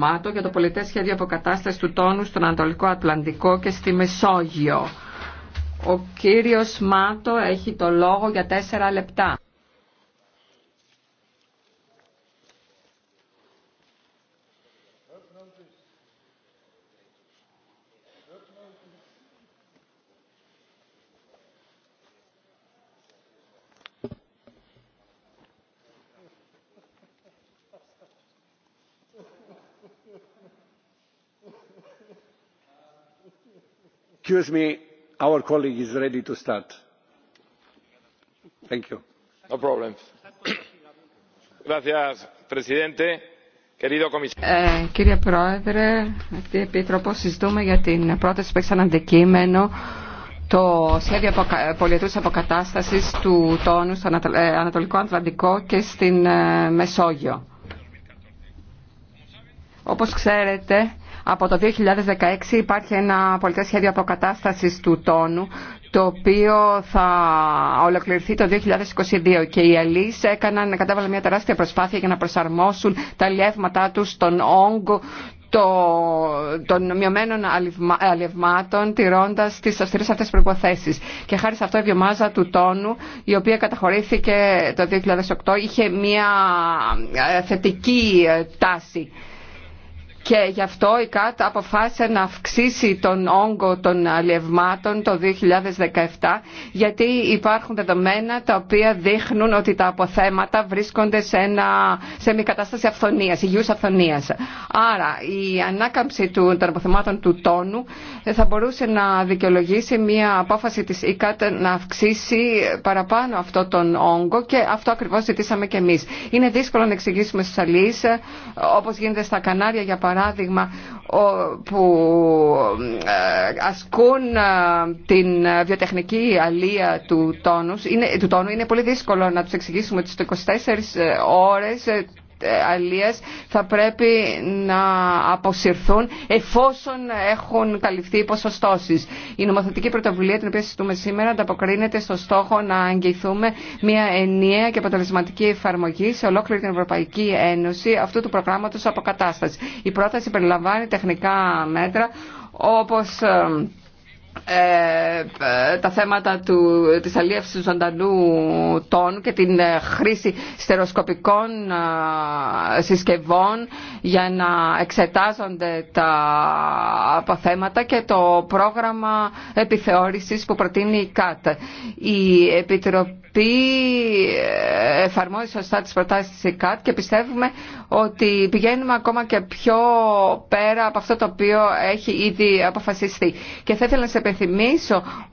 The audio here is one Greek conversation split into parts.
ΝΑΤΟ για το πολιτές σχέδιο αποκατάσταση του τόνου στον Ανατολικό Ατλαντικό και στη Μεσόγειο. Ο κύριος Μάτο έχει το λόγο για τέσσερα λεπτά. κύριε Πρόεδρε, αυτή Επίτροπο συζητούμε για την πρόταση που έχει σαν αντικείμενο το σχέδιο αποκα... αποκατάστασης του τόνου στο ε, Ανατολικό Ανθλαντικό και στην ε, Μεσόγειο. Όπως ξέρετε, από το 2016 υπάρχει ένα πολιτικό σχέδιο αποκατάστασης του τόνου, το οποίο θα ολοκληρωθεί το 2022 και οι Αλείς έκαναν, κατάβαλαν μια τεράστια προσπάθεια για να προσαρμόσουν τα λιεύματά τους στον όγκο το, των μειωμένων αλευμάτων τηρώντας τις αυστηρές αυτές προϋποθέσεις. Και χάρη σε αυτό η βιομάζα του τόνου, η οποία καταχωρήθηκε το 2008, είχε μια ε, θετική ε, τάση και γι' αυτό η ΚΑΤ αποφάσισε να αυξήσει τον όγκο των αλλιευμάτων το 2017 γιατί υπάρχουν δεδομένα τα οποία δείχνουν ότι τα αποθέματα βρίσκονται σε, ένα, σε μια κατάσταση αυθονίας, υγιούς αυθονίας. Άρα η ανάκαμψη του, των αποθεμάτων του τόνου ε, θα μπορούσε να δικαιολογήσει μια απόφαση της ΚΑΤ να αυξήσει παραπάνω αυτό τον όγκο και αυτό ακριβώς ζητήσαμε και εμείς. Είναι δύσκολο να εξηγήσουμε στους αλληλείς ε, όπως γίνεται στα Κανάρια για παράδειγμα παράδειγμα που ε, ασκούν ε, την βιοτεχνική αλία του, τόνου είναι, του τόνου είναι πολύ δύσκολο να του εξηγήσουμε ότι στις 24 ώρες ε, θα πρέπει να αποσυρθούν εφόσον έχουν καλυφθεί οι ποσοστώσεις. Η νομοθετική πρωτοβουλία την οποία συζητούμε σήμερα ανταποκρίνεται στο στόχο να αγγιηθούμε μια ενιαία και αποτελεσματική εφαρμογή σε ολόκληρη την Ευρωπαϊκή Ένωση αυτού του προγράμματος αποκατάσταση. Η πρόταση περιλαμβάνει τεχνικά μέτρα όπως ε, ε, τα θέματα του, της αλίευσης του ζωντανού τόνου και την ε, χρήση στεροσκοπικών ε, συσκευών για να εξετάζονται τα αποθέματα και το πρόγραμμα επιθεώρησης που προτείνει η ΚΑΤ. Η Επιτροπή Επιτροπή εφαρμόζει σωστά τις προτάσεις της ΕΚΑΤ και πιστεύουμε ότι πηγαίνουμε ακόμα και πιο πέρα από αυτό το οποίο έχει ήδη αποφασιστεί. Και θα ήθελα να σε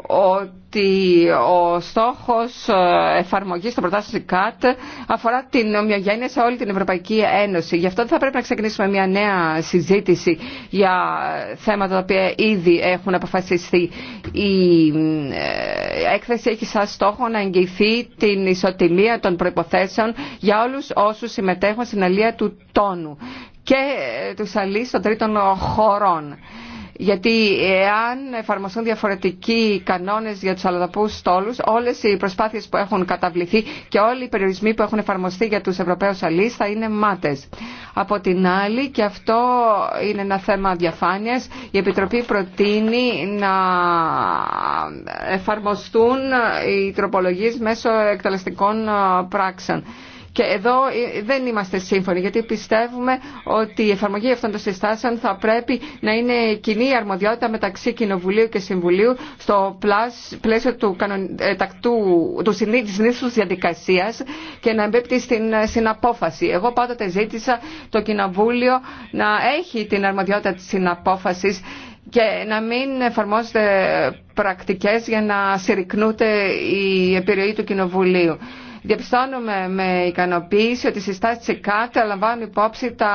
ότι ότι ο στόχος ε, εφαρμογής των προτάσεων ΚΑΤ αφορά την ομοιογένεια σε όλη την Ευρωπαϊκή Ένωση. Γι' αυτό θα πρέπει να ξεκινήσουμε μια νέα συζήτηση για θέματα τα οποία ήδη έχουν αποφασιστεί. Η ε, έκθεση έχει σαν στόχο να εγγυηθεί την ισοτιμία των προϋποθέσεων για όλους όσους συμμετέχουν στην αλία του τόνου και ε, του αλείς των τρίτων χωρών γιατί εάν εφαρμοστούν διαφορετικοί κανόνες για τους αλλοδαπού στόλου, όλες οι προσπάθειες που έχουν καταβληθεί και όλοι οι περιορισμοί που έχουν εφαρμοστεί για τους Ευρωπαίου αλείς θα είναι μάτες. Από την άλλη, και αυτό είναι ένα θέμα διαφάνειας, η Επιτροπή προτείνει να εφαρμοστούν οι τροπολογίε μέσω εκτελεστικών πράξεων. Και εδώ ε, δεν είμαστε σύμφωνοι, γιατί πιστεύουμε ότι η εφαρμογή αυτών των συστάσεων θα πρέπει να είναι κοινή αρμοδιότητα μεταξύ Κοινοβουλίου και Συμβουλίου στο πλαίσιο του, κανον... Ε, τακτού... του συνήθους διαδικασίας και να εμπέπτει στην ε, συναπόφαση. Εγώ πάντοτε ζήτησα το Κοινοβούλιο να έχει την αρμοδιότητα της συναπόφασης και να μην εφαρμόζεται πρακτικές για να συρρυκνούνται η επιρροή του Κοινοβουλίου. Διαπιστώνουμε με ικανοποίηση ότι οι συστάσει τη ΕΚΑΤ λαμβάνουν υπόψη τα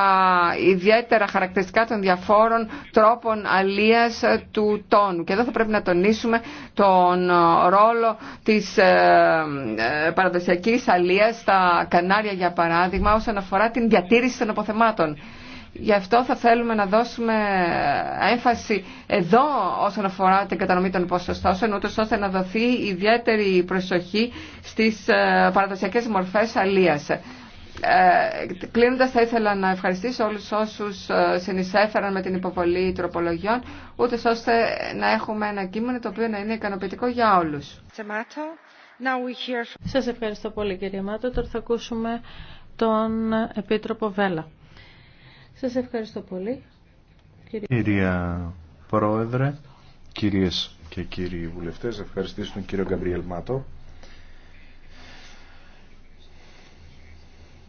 ιδιαίτερα χαρακτηριστικά των διαφόρων τρόπων αλεία του τόνου. Και εδώ θα πρέπει να τονίσουμε τον ρόλο τη ε, ε, παραδοσιακή αλεία στα Κανάρια, για παράδειγμα, όσον αφορά την διατήρηση των αποθεμάτων. Γι' αυτό θα θέλουμε να δώσουμε έμφαση εδώ όσον αφορά την κατανομή των ποσοστώσεων, ούτως ώστε να δοθεί ιδιαίτερη προσοχή στις ε, παραδοσιακές μορφές αλίας. Ε, κλείνοντας θα ήθελα να ευχαριστήσω όλους όσους ε, συνεισέφεραν με την υποβολή τροπολογιών ούτε ώστε να έχουμε ένα κείμενο το οποίο να είναι ικανοποιητικό για όλους. Σας ευχαριστώ πολύ κύριε Μάτο. Τώρα θα ακούσουμε τον Επίτροπο Βέλα. Σας ευχαριστώ πολύ. Κυρία Πρόεδρε, κυρίες και κύριοι βουλευτές, ευχαριστήσω τον κύριο Γκαμπριέλ Μάτο.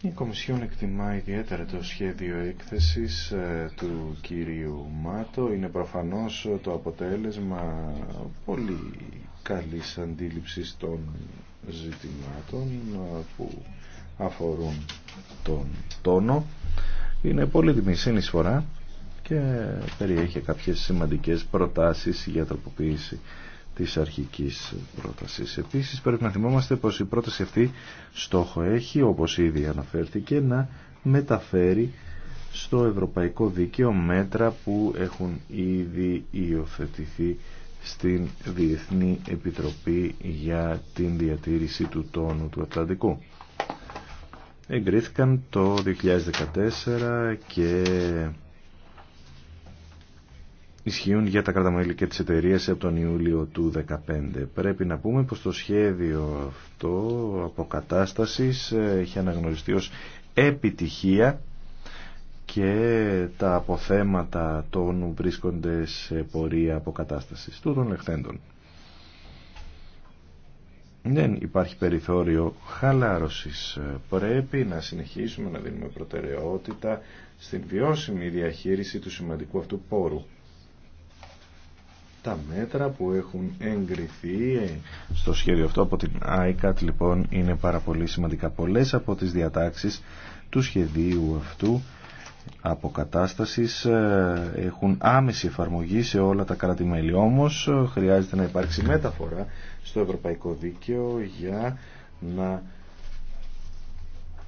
Η Κομισιόν εκτιμά ιδιαίτερα το σχέδιο έκθεσης ε, του κύριου Μάτο. Είναι προφανώς το αποτέλεσμα πολύ καλής αντίληψης των ζητημάτων ε, που αφορούν τον τόνο είναι πολύτιμη συνεισφορά και περιέχει κάποιες σημαντικές προτάσεις για τροποποίηση της αρχικής πρότασης. Επίσης πρέπει να θυμόμαστε πως η πρόταση αυτή στόχο έχει, όπως ήδη αναφέρθηκε, να μεταφέρει στο Ευρωπαϊκό Δίκαιο μέτρα που έχουν ήδη υιοθετηθεί στην Διεθνή Επιτροπή για την Διατήρηση του Τόνου του Ατλαντικού εγκρίθηκαν το 2014 και ισχύουν για τα κραταμέλη και τις εταιρείε από τον Ιούλιο του 2015. Πρέπει να πούμε πως το σχέδιο αυτό αποκατάστασης ε, έχει αναγνωριστεί ως επιτυχία και τα αποθέματα των βρίσκονται σε πορεία αποκατάστασης του των λεχθέντων δεν υπάρχει περιθώριο χαλάρωσης. Πρέπει να συνεχίσουμε να δίνουμε προτεραιότητα στην βιώσιμη διαχείριση του σημαντικού αυτού πόρου. Τα μέτρα που έχουν εγκριθεί στο σχέδιο αυτό από την ICAT λοιπόν είναι πάρα πολύ σημαντικά. Πολλές από τις διατάξεις του σχεδίου αυτού αποκατάστασης ε, έχουν άμεση εφαρμογή σε όλα τα κράτη-μέλη. Όμως ε, χρειάζεται να υπάρξει μεταφορά στο Ευρωπαϊκό Δίκαιο για να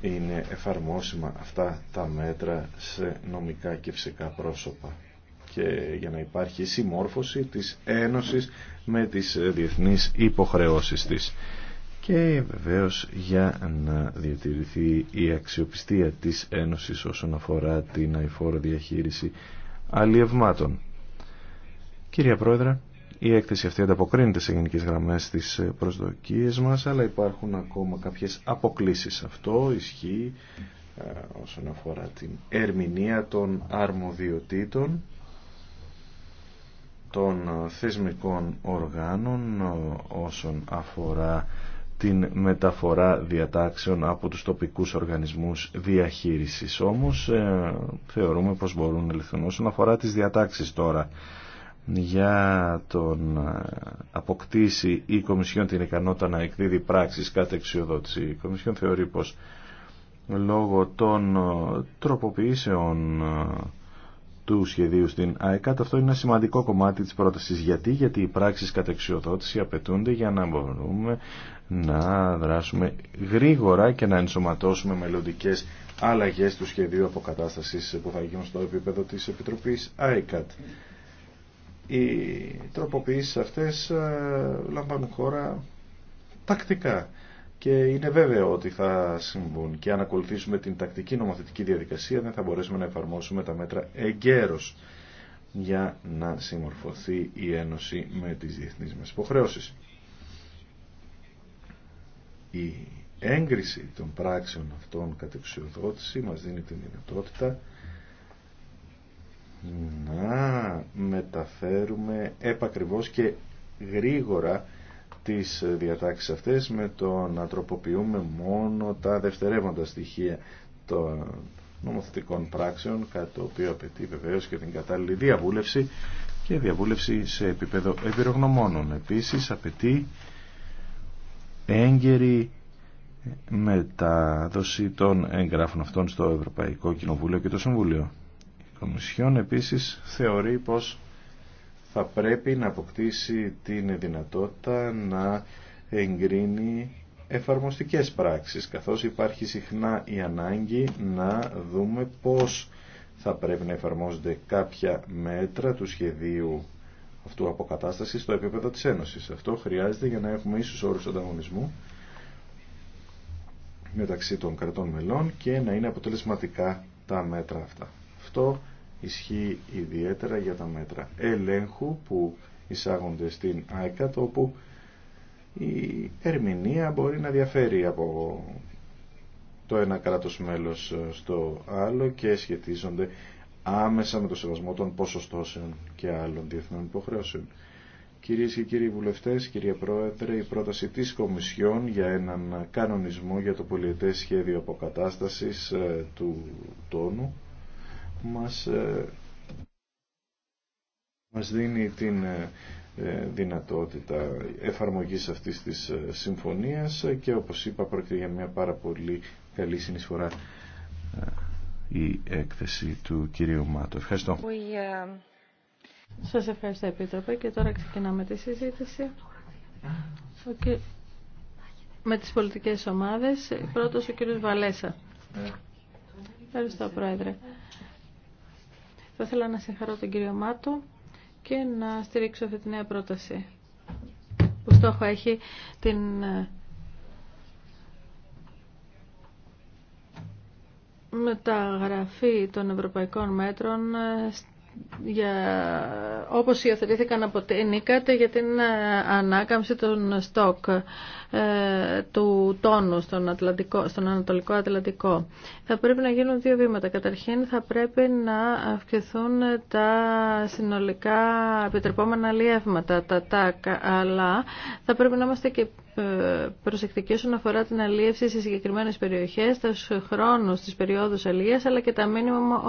είναι εφαρμόσιμα αυτά τα μέτρα σε νομικά και φυσικά πρόσωπα και για να υπάρχει συμμόρφωση της Ένωσης με τις διεθνείς υποχρεώσεις της και βεβαίως για να διατηρηθεί η αξιοπιστία της Ένωσης όσον αφορά την αηφόρο διαχείριση αλλιευμάτων. Κυρία Πρόεδρε, η έκθεση αυτή ανταποκρίνεται σε γενικές γραμμές στις προσδοκίες μας, αλλά υπάρχουν ακόμα κάποιες αποκλήσεις. Αυτό ισχύει ε, όσον αφορά την ερμηνεία των αρμοδιοτήτων των ε, θεσμικών οργάνων ε, όσον αφορά την μεταφορά διατάξεων από τους τοπικούς οργανισμούς διαχείρισης. Όμως θεωρούμε πως μπορούν να λυθούν όσον αφορά τις διατάξεις τώρα για τον αποκτήσει η Κομισιόν την ικανότητα να εκδίδει πράξεις κάθε εξιοδότηση. Η Κομισιόν θεωρεί πως λόγω των ε, τροποποιήσεων ε, του σχεδίου στην ΑΕΚΑΤ αυτό είναι ένα σημαντικό κομμάτι της πρότασης. Γιατί, γιατί οι πράξεις κατά εξιοδότηση απαιτούνται για να μπορούμε να δράσουμε γρήγορα και να ενσωματώσουμε μελλοντικέ αλλαγές του σχεδίου αποκατάστασης που θα γίνουν στο επίπεδο της Επιτροπής ΑΕΚΑΤ. Οι τροποποιήσεις αυτές ε, λαμβάνουν χώρα τακτικά και είναι βέβαιο ότι θα συμβούν και αν ακολουθήσουμε την τακτική νομοθετική διαδικασία δεν θα μπορέσουμε να εφαρμόσουμε τα μέτρα εγκαίρως για να συμμορφωθεί η Ένωση με τις διεθνείς μας υποχρεώσεις. Η έγκριση των πράξεων αυτών κατεξιοδότηση μας δίνει την δυνατότητα να μεταφέρουμε επακριβώς και γρήγορα τις διατάξεις αυτές με το να τροποποιούμε μόνο τα δευτερεύοντα στοιχεία των νομοθετικών πράξεων κατά το οποίο απαιτεί βεβαίως και την κατάλληλη διαβούλευση και διαβούλευση σε επίπεδο εμπειρογνωμόνων. Επίσης απαιτεί έγκαιρη μετάδοση των εγγράφων αυτών στο Ευρωπαϊκό Κοινοβούλιο και το Συμβούλιο. Κομισιόν επίσης θεωρεί πως θα πρέπει να αποκτήσει την δυνατότητα να εγκρίνει εφαρμοστικές πράξεις, καθώς υπάρχει συχνά η ανάγκη να δούμε πώς θα πρέπει να εφαρμόζονται κάποια μέτρα του σχεδίου αυτού αποκατάστασης στο επίπεδο της Ένωσης. Αυτό χρειάζεται για να έχουμε ίσους όρους ανταγωνισμού μεταξύ των κρατών μελών και να είναι αποτελεσματικά τα μέτρα αυτά. Αυτό ισχύει ιδιαίτερα για τα μέτρα ελέγχου που εισάγονται στην ΆΕΚΑΤ όπου η ερμηνεία μπορεί να διαφέρει από το ένα κράτος μέλος στο άλλο και σχετίζονται άμεσα με το σεβασμό των ποσοστώσεων και άλλων διεθνών υποχρεώσεων. Κυρίες και κύριοι βουλευτές, κύριε Πρόεδρε, η πρόταση της Κομισιόν για έναν κανονισμό για το πολιετές σχέδιο αποκατάστασης ε, του τόνου μας, ε, μας δίνει την ε, ε, δυνατότητα εφαρμογής αυτής της συμφωνίας και όπως είπα πρόκειται για μια πάρα πολύ καλή συνεισφορά η έκθεση του κυρίου Μάτου. Ευχαριστώ. Σας ευχαριστώ Επίτροπε και τώρα ξεκινάμε τη συζήτηση με τις πολιτικές ομάδες. Πρώτος ο κύριος Βαλέσα. Ευχαριστώ Πρόεδρε. Θα ήθελα να συγχαρώ τον κύριο Μάτο και να στηρίξω αυτή τη νέα πρόταση που στόχο έχει την ε, μεταγραφή των ευρωπαϊκών μέτρων για, όπως υιοθετήθηκαν από την ΙΚΑΤ για την ε, ανάκαμψη των στόκ ε, του τόνου στον, Ατλαντικό, στον Ανατολικό Ατλαντικό. Θα πρέπει να γίνουν δύο βήματα. Καταρχήν θα πρέπει να αυξηθούν τα συνολικά επιτρεπόμενα λιεύματα, τα ΤΑΚ, αλλά θα πρέπει να είμαστε και ε, προσεκτική όσον αφορά την αλίευση σε συγκεκριμένες περιοχές, τους χρόνου, τη περιόδου αλίευση αλλά και τα μήνυμα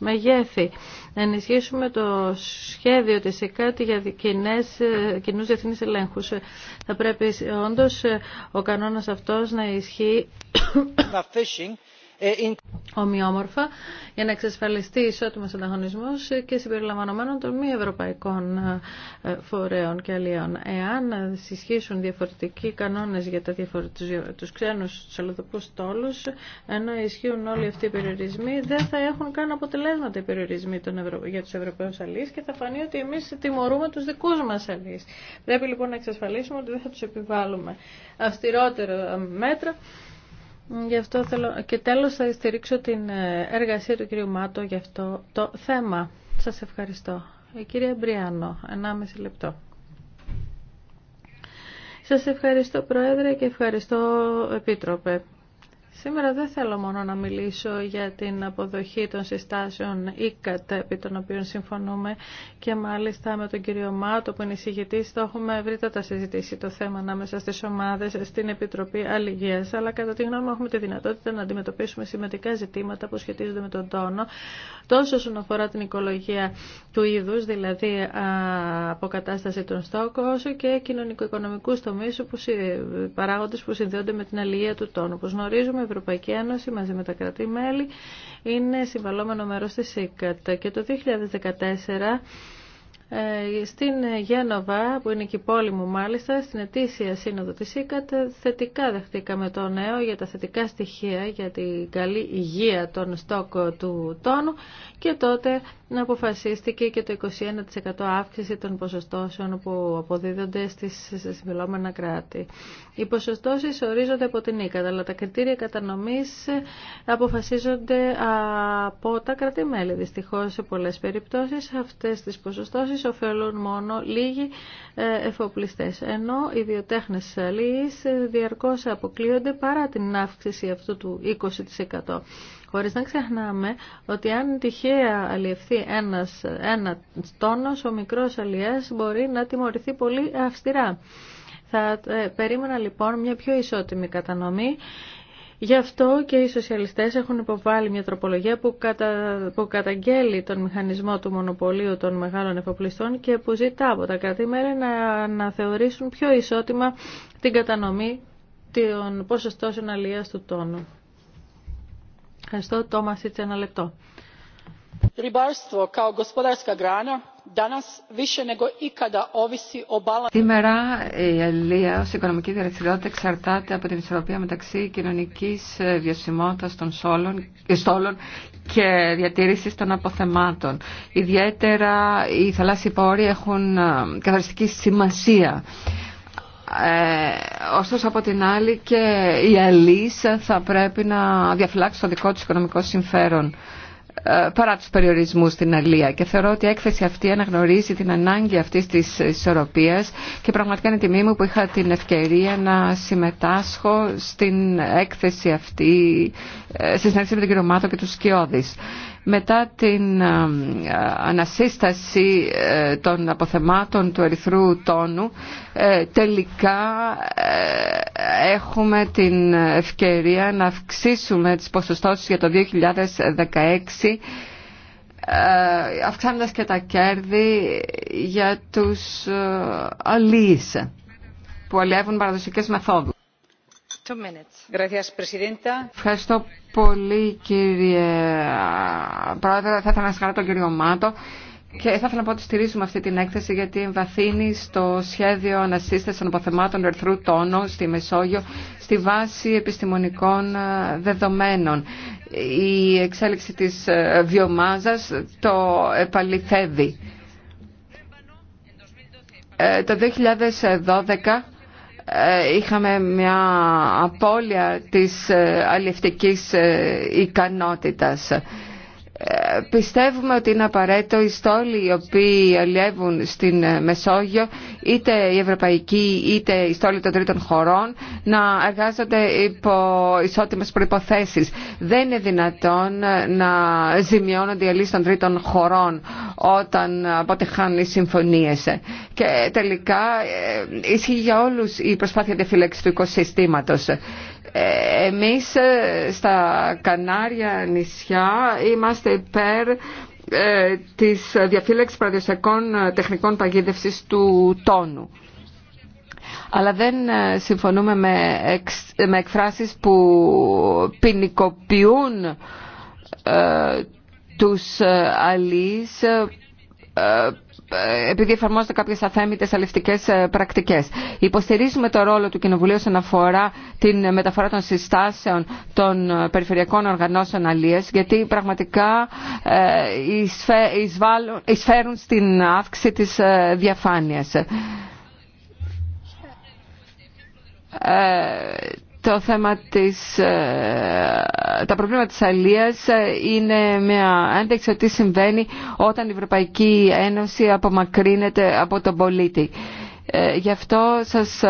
μεγέθη. Να ενισχύσουμε το σχέδιο της ΕΚΑΤ για ε, κοινού διεθνεί ελέγχου. Θα πρέπει όντω ε, ο κανόνας αυτός να ισχύει ομοιόμορφα για να εξασφαλιστεί ισότιμο ανταγωνισμό και συμπεριλαμβανομένων των μη ευρωπαϊκών ε, φορέων και αλλιών. Εάν συσχίσουν διαφορετικοί κανόνε για του ξένου τους ξένους τους ενώ ισχύουν όλοι αυτοί οι περιορισμοί, δεν θα έχουν καν αποτελέσματα οι περιορισμοί για του Ευρωπαίου αλλιεί και θα φανεί ότι εμεί τιμωρούμε του δικού μα αλλιεί. Πρέπει λοιπόν να εξασφαλίσουμε ότι δεν θα του επιβάλλουμε αυστηρότερα μέτρα Γι' αυτό θέλω... Και τέλος θα στηρίξω την ε, εργασία του κυρίου Μάτο για αυτό το θέμα. Σας ευχαριστώ. Η ε, κυρία Μπριάνο, 1,5 λεπτό. Σας ευχαριστώ Πρόεδρε και ευχαριστώ Επίτροπε. Σήμερα δεν θέλω μόνο να μιλήσω για την αποδοχή των συστάσεων ΙΚΑΤ επί των οποίων συμφωνούμε και μάλιστα με τον κύριο Μάτο που είναι εισηγητή, το έχουμε ευρύτατα συζητήσει το θέμα ανάμεσα στι ομάδε, στην Επιτροπή Αλληγία. αλλά κατά τη γνώμη μου έχουμε τη δυνατότητα να αντιμετωπίσουμε σημαντικά ζητήματα που σχετίζονται με τον τόνο τόσο όσον αφορά την οικολογία του είδου, δηλαδή αποκατάσταση των στόκων όσο και κοινωνικο οικονομικού τομεί, που που συνδέονται με την αλληλεία του τόνου. Ευρωπαϊκή Ένωση μαζί με τα κράτη-μέλη είναι συμβαλόμενο μέρος της ΣΥΚΑΤ. Και το 2014 ε, στην Γένοβα, που είναι και η πόλη μου μάλιστα, στην ετήσια σύνοδο της ΣΥΚΑΤ, θετικά δεχτήκαμε το νέο για τα θετικά στοιχεία, για την καλή υγεία των στόκων του τόνου και τότε να αποφασίστηκε και το 21% αύξηση των ποσοστώσεων που αποδίδονται στις συμφιλόμενα κράτη. Οι ποσοστώσεις ορίζονται από την ΙΚΑ, αλλά τα κριτήρια κατανομής αποφασίζονται από τα κρατημέλη. Δυστυχώς σε πολλές περιπτώσεις αυτές τις ποσοστώσεις ωφελούν μόνο λίγοι ε, εφοπλιστές, ενώ οι βιοτέχνες αλληλεί διαρκώς αποκλείονται παρά την αύξηση αυτού του 20%. Χωρίς να ξεχνάμε ότι αν τυχαία αλλιευθεί ένας, ένα τόνος, ο μικρός αλλιές μπορεί να τιμωρηθεί πολύ αυστηρά. Θα ε, περίμενα λοιπόν μια πιο ισότιμη κατανομή Γι' αυτό και οι σοσιαλιστές έχουν υποβάλει μια τροπολογία που, κατα... καταγγέλει τον μηχανισμό του μονοπωλίου των μεγάλων εφοπλιστών και που ζητά από τα κρατήμερα να... να θεωρήσουν πιο ισότιμα την κατανομή των ποσοστώσεων αλληλείας του τόνου. Ευχαριστώ. Τόμα, έτσι ένα λεπτό. Σήμερα η αλληλεία ως οικονομική δραστηριότητα εξαρτάται από την ισορροπία μεταξύ κοινωνικής βιωσιμότητας των ε, στόλων και διατήρηση των αποθεμάτων. Ιδιαίτερα οι θαλάσσιοι πόροι έχουν ε, καθαριστική σημασία ε, ωστόσο από την άλλη και η αλείς θα πρέπει να διαφυλάξει το δικό της οικονομικό συμφέρον ε, παρά τους περιορισμούς στην Αλία και θεωρώ ότι η έκθεση αυτή αναγνωρίζει την ανάγκη αυτής της ισορροπίας και πραγματικά είναι τιμή μου που είχα την ευκαιρία να συμμετάσχω στην έκθεση αυτή ε, Στη συνέχεια με τον κύριο Μάτο και τους Σκιώδης μετά την ε, ανασύσταση ε, των αποθεμάτων του ερυθρού τόνου ε, τελικά έχουμε την ευκαιρία να αυξήσουμε τις ποσοστώσεις για το 2016 αυξάνοντας και τα κέρδη για τους αλλοίς που αλλιεύουν παραδοσιακές μεθόδους. Ευχαριστώ πολύ κύριε Πρόεδρε. Θα ήθελα να συγχαρώ τον κύριο Μάτο. Και θα ήθελα να πω ότι στηρίζουμε αυτή την έκθεση γιατί εμβαθύνει στο σχέδιο ανασύσταση των αποθεμάτων ερθρού τόνου στη Μεσόγειο στη βάση επιστημονικών ε, δεδομένων. Η εξέλιξη της ε, βιομάζας το επαληθεύει. Ε, το 2012 ε, είχαμε μια απώλεια της ε, αλληλευτικής ε, ικανότητας πιστεύουμε ότι είναι απαραίτητο οι στόλοι οι οποίοι αλλιεύουν στην ε, Μεσόγειο, είτε οι ευρωπαϊκοί είτε οι στόλοι των τρίτων χωρών, να εργάζονται υπό ισότιμες προϋποθέσεις. Δεν είναι δυνατόν ε, να ζημιώνονται οι αλλοί των τρίτων χωρών όταν ε, αποτεχάνουν οι συμφωνίες. Και τελικά ισχύει για όλους η προσπάθεια διαφύλαξης του οικοσυστήματος. Ε, εμείς ε, στα Κανάρια νησιά είμαστε υπέρ ε, της διαφύλαξης παραδοσιακών τεχνικών παγίδευσης του τόνου. Αλλά δεν συμφωνούμε με, εξ, εκφράσεις που ποινικοποιούν ε, τους αλείς επειδή εφαρμόζονται κάποιε αθέμητε αληφτικέ ε, πρακτικέ. Υποστηρίζουμε το ρόλο του Κοινοβουλίου όσον αφορά την μεταφορά των συστάσεων των ε, περιφερειακών οργανώσεων αλλίε, γιατί πραγματικά ε, εισφέρουν στην αύξηση τη διαφάνεια το θέμα της, ε, τα προβλήματα της αλίας ε, είναι μια ένταξη ότι συμβαίνει όταν η Ευρωπαϊκή Ένωση απομακρύνεται από τον πολίτη. Ε, γι' αυτό σας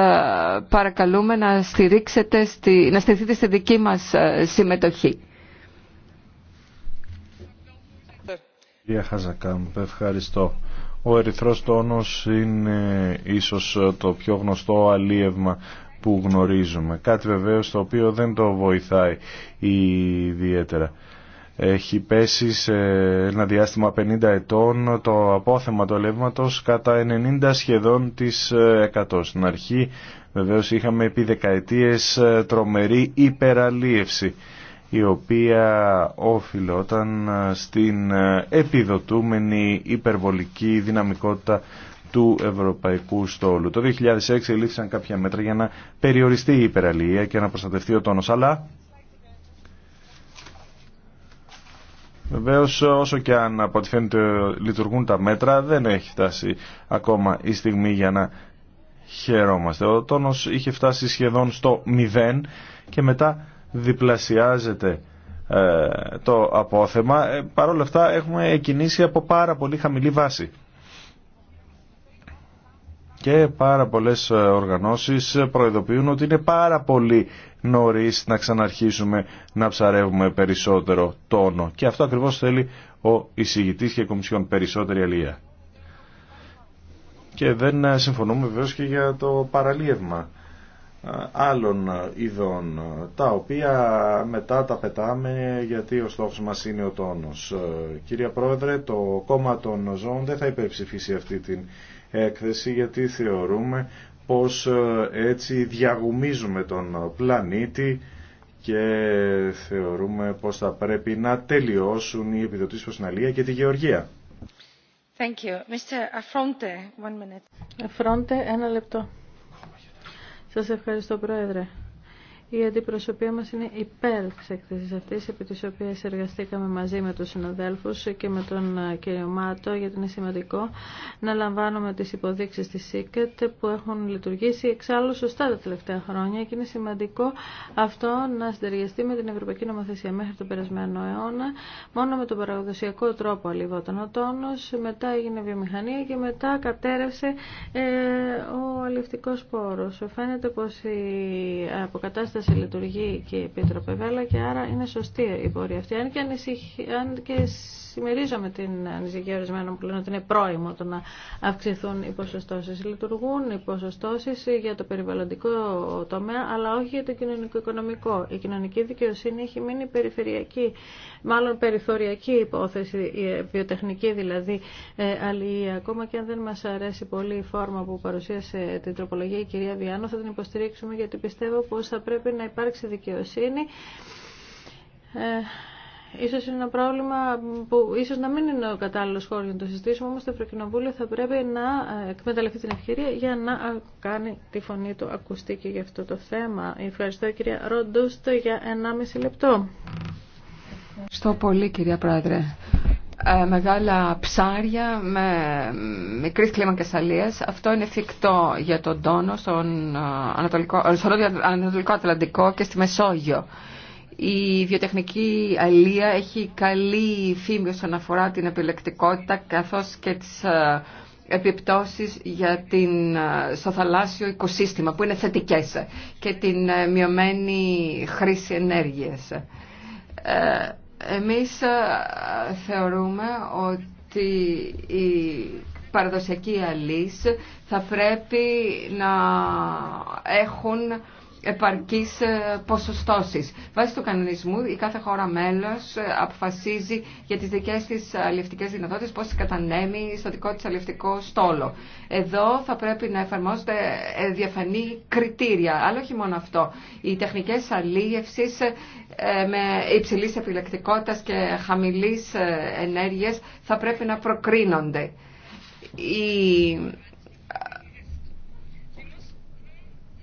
παρακαλούμε να, στηρίξετε στη, να στηριχθείτε στη δική μας συμμετοχή. Κυρία Χαζακάμπ, ευχαριστώ. Ο ερυθρός τόνος είναι ίσως το πιο γνωστό αλίευμα που γνωρίζουμε. Κάτι βεβαίως το οποίο δεν το βοηθάει ιδιαίτερα. Έχει πέσει σε ένα διάστημα 50 ετών το απόθεμα του αλεύματος κατά 90 σχεδόν της 100. Ε, στην αρχή βεβαίως είχαμε επί δεκαετίες ε, τρομερή υπεραλίευση η οποία όφιλόταν ε, στην επιδοτούμενη υπερβολική δυναμικότητα του Ευρωπαϊκού Στόλου. Το 2006 ελήφθησαν κάποια μέτρα για να περιοριστεί η υπεραλία και να προστατευτεί ο τόνος, αλλά Βεβαίω, όσο και αν από ό,τι φαίνεται λειτουργούν τα μέτρα, δεν έχει φτάσει ακόμα η στιγμή για να χαιρόμαστε. Ο τόνος είχε φτάσει σχεδόν στο μηδέν και μετά διπλασιάζεται ε, το απόθεμα. Ε, Παρ' όλα αυτά έχουμε κινήσει από πάρα πολύ χαμηλή βάση και πάρα πολλές ε, οργανώσεις προειδοποιούν ότι είναι πάρα πολύ νωρίς να ξαναρχίσουμε να ψαρεύουμε περισσότερο τόνο. Και αυτό ακριβώς θέλει ο εισηγητής και η Κομισιόν, περισσότερη αλληλεία. Και δεν ε, συμφωνούμε βεβαίω και για το παραλίευμα ε, άλλων ειδών, τα οποία μετά τα πετάμε γιατί ο στόχος μας είναι ο τόνος. Κυρία Πρόεδρε, το κόμμα των ζώων δεν θα υπερψηφίσει αυτή την έκθεση γιατί θεωρούμε πως ε, έτσι διαγουμίζουμε τον πλανήτη και θεωρούμε πως θα πρέπει να τελειώσουν οι επιδοτήσεις προς την Αλία και τη Γεωργία. Thank you. Mr. one minute. ένα λεπτό. Σας ευχαριστώ, Πρόεδρε. Η αντιπροσωπεία μας είναι υπέρ της έκθεσης αυτής, επί της οποίας εργαστήκαμε μαζί με τους συναδέλφους και με τον ε, κύριο Μάτο, γιατί είναι σημαντικό να λαμβάνουμε τις υποδείξεις της ΣΥΚΕΤ που έχουν λειτουργήσει εξάλλου σωστά τα τελευταία χρόνια και είναι σημαντικό αυτό να συνεργαστεί με την Ευρωπαϊκή Νομοθεσία μέχρι τον περασμένο αιώνα, μόνο με τον παραδοσιακό τρόπο αλλιώ ο τόνος, μετά έγινε βιομηχανία και μετά κατέρευσε ε, ο αληφτικός πόρος. Φαίνεται πως η αποκατάσταση σε λειτουργεί και η Επίτροπε Βέλα και άρα είναι σωστή η πορεία αυτή. Αν και, ανησυχη... Αν και συμμερίζομαι την ανησυχία ορισμένων που λένε ότι είναι πρόημο το να αυξηθούν οι ποσοστώσει. Λειτουργούν οι ποσοστώσει για το περιβαλλοντικό τομέα, αλλά όχι για το κοινωνικο-οικονομικό. Η κοινωνική δικαιοσύνη έχει μείνει περιφερειακή, μάλλον περιθωριακή υπόθεση, η βιοτεχνική δηλαδή ε, αλληλεία. Ακόμα και αν δεν μα αρέσει πολύ η φόρμα που παρουσίασε την τροπολογία η κυρία Βιάνο, θα την υποστηρίξουμε γιατί πιστεύω πω θα πρέπει να υπάρξει δικαιοσύνη. Ε, ίσως είναι ένα πρόβλημα που ίσως να μην είναι ο κατάλληλος χώρος για να το συζητήσουμε, όμως το Ευρωκοινοβούλιο θα πρέπει να ε, εκμεταλλευτεί την ευκαιρία για να κάνει τη φωνή του ακουστή και για αυτό το θέμα. Ευχαριστώ κυρία Ροντούστο για 1,5 λεπτό. Ευχαριστώ πολύ κυρία Πρόεδρε. Ε, μεγάλα ψάρια με μικρή κλίμακα σαλίας Αυτό είναι εφικτό για τον τόνο στον ε, Ανατολικό, ε, στον Ανατολικό Ατλαντικό και στη Μεσόγειο. Η βιοτεχνική αλία έχει καλή φήμη όσον αφορά την επιλεκτικότητα καθώς και τις επιπτώσεις για την, στο θαλάσσιο οικοσύστημα που είναι θετικές και την μειωμένη χρήση ενέργειας. Εμείς ε, θεωρούμε ότι η παραδοσιακή αλής θα πρέπει να έχουν επαρκής ε, ποσοστώσεις. Βάσει του κανονισμού η κάθε χώρα μέλος ε, αποφασίζει για τις δικές της αλληλευτικές δυνατότητες πώς κατανέμει στο δικό της αλληλευτικό στόλο. Εδώ θα πρέπει να εφαρμόζονται ε, διαφανή κριτήρια, αλλά όχι μόνο αυτό. Οι τεχνικές αλλήλευσεις με υψηλής επιλεκτικότητας και χαμηλής ενέργειας θα πρέπει να προκρίνονται.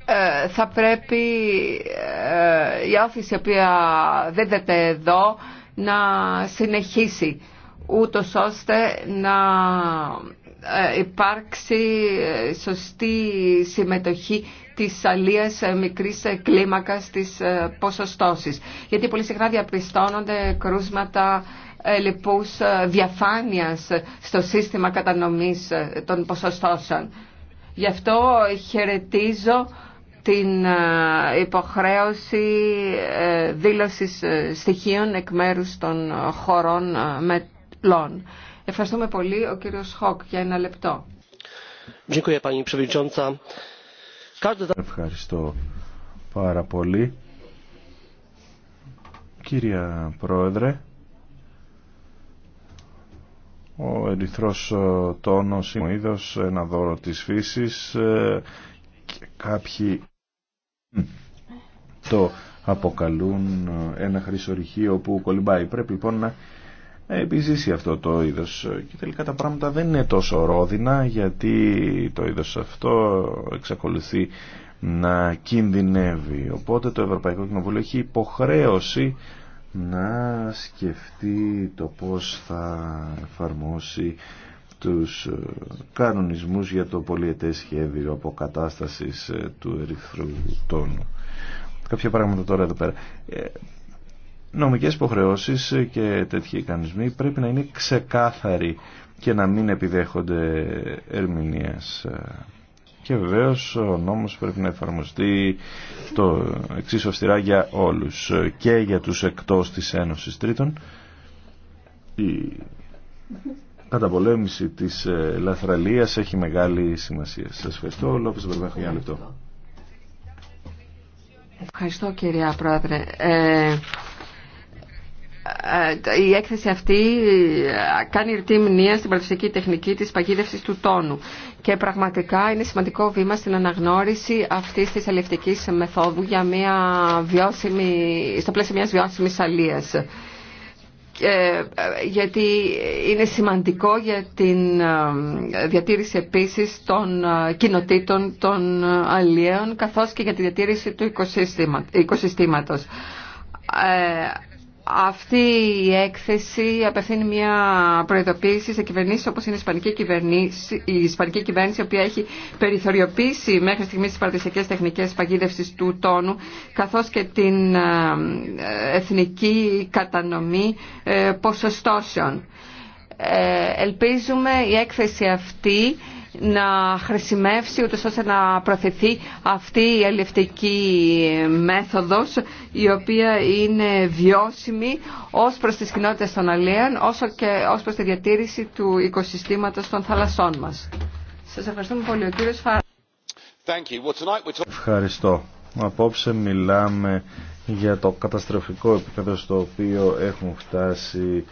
Ε, θα πρέπει ε, η όθηση η οποία δίδεται εδώ να συνεχίσει ούτως ώστε να ε, υπάρξει σωστή συμμετοχή της αλίας μικρής κλίμακας της ποσοστώσης. Γιατί πολύ συχνά διαπιστώνονται κρούσματα λοιπούς διαφάνειας στο σύστημα κατανομής των ποσοστώσεων. Γι' αυτό χαιρετίζω την ε, υποχρέωση ε, δήλωσης ε, στοιχείων εκ μέρους των χωρών μετλών. Ευχαριστούμε πολύ. Ο κύριος Χοκ για ένα λεπτό. Ευχαριστώ πάρα πολύ. Κύρια Πρόεδρε, ο ερυθρός τόνος είναι ένα δώρο της φύσης και κάποιοι το αποκαλούν ε, ένα χρυσορυχείο που κολυμπάει. Πρέπει λοιπόν να ε, επιζήσει αυτό το είδος και τελικά τα πράγματα δεν είναι τόσο ρόδινα γιατί το είδος αυτό εξακολουθεί να κινδυνεύει. Οπότε το Ευρωπαϊκό Κοινοβούλιο έχει υποχρέωση να σκεφτεί το πώς θα εφαρμόσει τους ε, κανονισμούς για το πολυετές σχέδιο αποκατάστασης ε, του ερυθρού τόνου. Κάποια πράγματα τώρα εδώ πέρα. Ε, νομικές υποχρεώσεις και τέτοιοι κανονισμοί πρέπει να είναι ξεκάθαροι και να μην επιδέχονται ερμηνείας. Και βεβαίως ο νόμος πρέπει να εφαρμοστεί το εξής αυστηρά για όλους και για τους εκτός της Ένωσης Τρίτων καταπολέμηση της ε, λαθραλίας έχει μεγάλη σημασία. Σας ευχαριστώ. Λόπες Μπερμέχο για λεπτό. Ευχαριστώ κυρία Πρόεδρε. Ε, ε η έκθεση αυτή ε, κάνει ρητή μνήμα στην παραδοσιακή τεχνική της παγίδευσης του τόνου και πραγματικά είναι σημαντικό βήμα στην αναγνώριση αυτής της αλληλευτικής μεθόδου για μια βιώσιμη, στο πλαίσιο μιας βιώσιμης αλίας. Ε, γιατί είναι σημαντικό για την ε, διατήρηση επίσης των ε, κοινοτήτων των αλλιέων καθώς και για τη διατήρηση του οικοσύστηματος αυτή η έκθεση απευθύνει μια προειδοποίηση σε κυβερνήσει όπω είναι η Ισπανική, κυβέρνηση, η Ισπανική κυβέρνηση, η οποία έχει περιθωριοποιήσει μέχρι στιγμή τι παραδοσιακέ τεχνικέ παγίδευση του τόνου, καθώ και την ε, εθνική κατανομή ε, ποσοστώσεων. Ε, ελπίζουμε η έκθεση αυτή να χρησιμεύσει ούτως ώστε να προθεθεί αυτή η αλληλευτική μέθοδος η οποία είναι βιώσιμη ως προς τις κοινότητες των αλλαίων όσο και ως προς τη διατήρηση του οικοσυστήματος των θαλασσών μας. Σας ευχαριστούμε πολύ. Ο κύριος Φάρα. Ευχαριστώ. Απόψε μιλάμε για το καταστροφικό επίπεδο στο οποίο έχουν φτάσει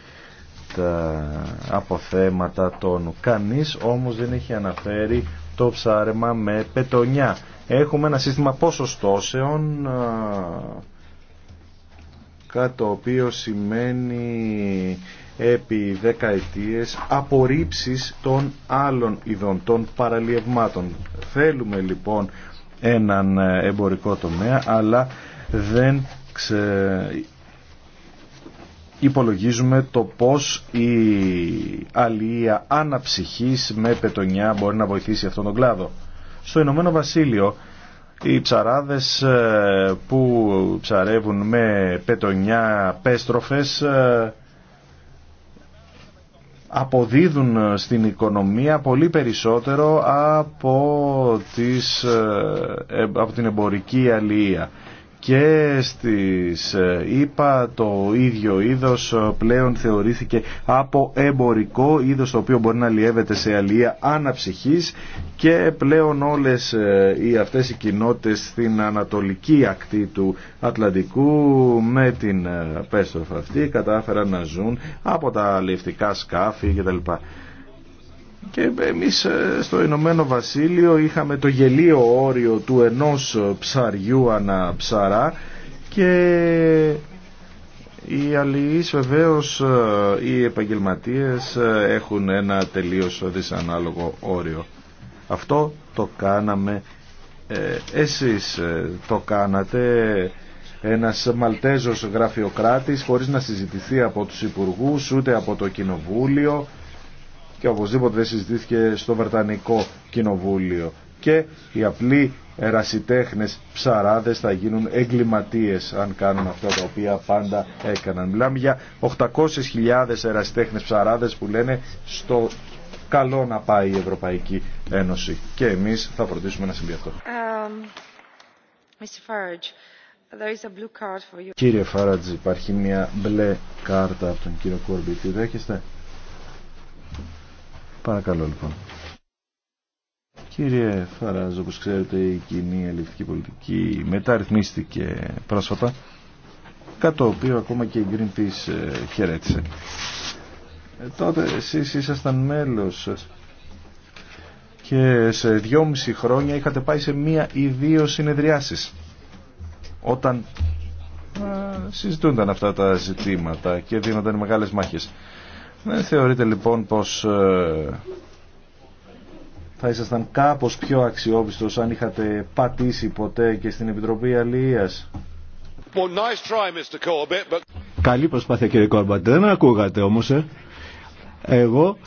τα αποθέματα των Κανείς όμως δεν έχει αναφέρει το ψάρεμα με πετονιά. Έχουμε ένα σύστημα ποσοστώσεων κάτι το οποίο σημαίνει επί δεκαετίες απορρίψεις των άλλων ειδών, των παραλιευμάτων. Θέλουμε λοιπόν έναν εμπορικό τομέα, αλλά δεν υπολογίζουμε το πώς η αλληλεία αναψυχής με πετονιά μπορεί να βοηθήσει αυτόν τον κλάδο. Στο Ηνωμένο Βασίλειο οι ψαράδες ε, που ψαρεύουν με πετονιά πέστροφες ε, αποδίδουν στην οικονομία πολύ περισσότερο από, τις, ε, από την εμπορική αλληλεία και στις ε, είπα το ίδιο είδος ε, πλέον θεωρήθηκε από εμπορικό είδος το οποίο μπορεί να λιεύεται σε αλληλεία αναψυχής και πλέον όλες ε, οι αυτές οι κοινότητες στην ανατολική ακτή του Ατλαντικού με την πέστροφα αυτή κατάφεραν να ζουν από τα λευτικά σκάφη κτλ. Και εμείς ε, στο Ηνωμένο Βασίλειο είχαμε το γελίο όριο του ενός ψαριού ανά ψαρά και οι αλληλείς βεβαίως ε, οι επαγγελματίες ε, έχουν ένα τελείως δυσανάλογο όριο. Αυτό το κάναμε εσείς το κάνατε ένας Μαλτέζος γραφειοκράτης χωρίς να συζητηθεί από τους υπουργούς ούτε από το κοινοβούλιο και οπωσδήποτε δεν συζητήθηκε στο Βρετανικό Κοινοβούλιο και οι απλοί ερασιτέχνες ψαράδες θα γίνουν εγκληματίες αν κάνουν αυτά τα οποία πάντα έκαναν. Μιλάμε για 800.000 ερασιτέχνες ψαράδες που λένε στο καλό να πάει η Ευρωπαϊκή Ένωση και εμείς θα φροντίσουμε να συμβεί αυτό. Um, Κύριε Φάρατζ, υπάρχει μια μπλε κάρτα από τον κύριο Κόρμπι. Τη δέχεστε? Παρακαλώ λοιπόν. Κύριε Φαράζ, όπως ξέρετε η κοινή ελληνική πολιτική μεταρρυθμίστηκε πρόσφατα, κάτω το οποίο ακόμα και η Greenpeace ε, χαιρέτησε. Ε, τότε εσείς ήσασταν μέλος και σε δυόμιση χρόνια είχατε πάει σε μία ή δύο συνεδριάσεις όταν ε, συζητούνταν αυτά τα ζητήματα και δίνονταν μεγάλες μάχες. Δεν θεωρείτε λοιπόν πως ε, θα ήσασταν κάπως πιο αξιόπιστος αν είχατε πατήσει ποτέ και στην Επιτροπή Αλληλείας. Well, nice but... Καλή προσπάθεια κύριε Κόρμπατ. Δεν ακούγατε όμως. Ε. Εγώ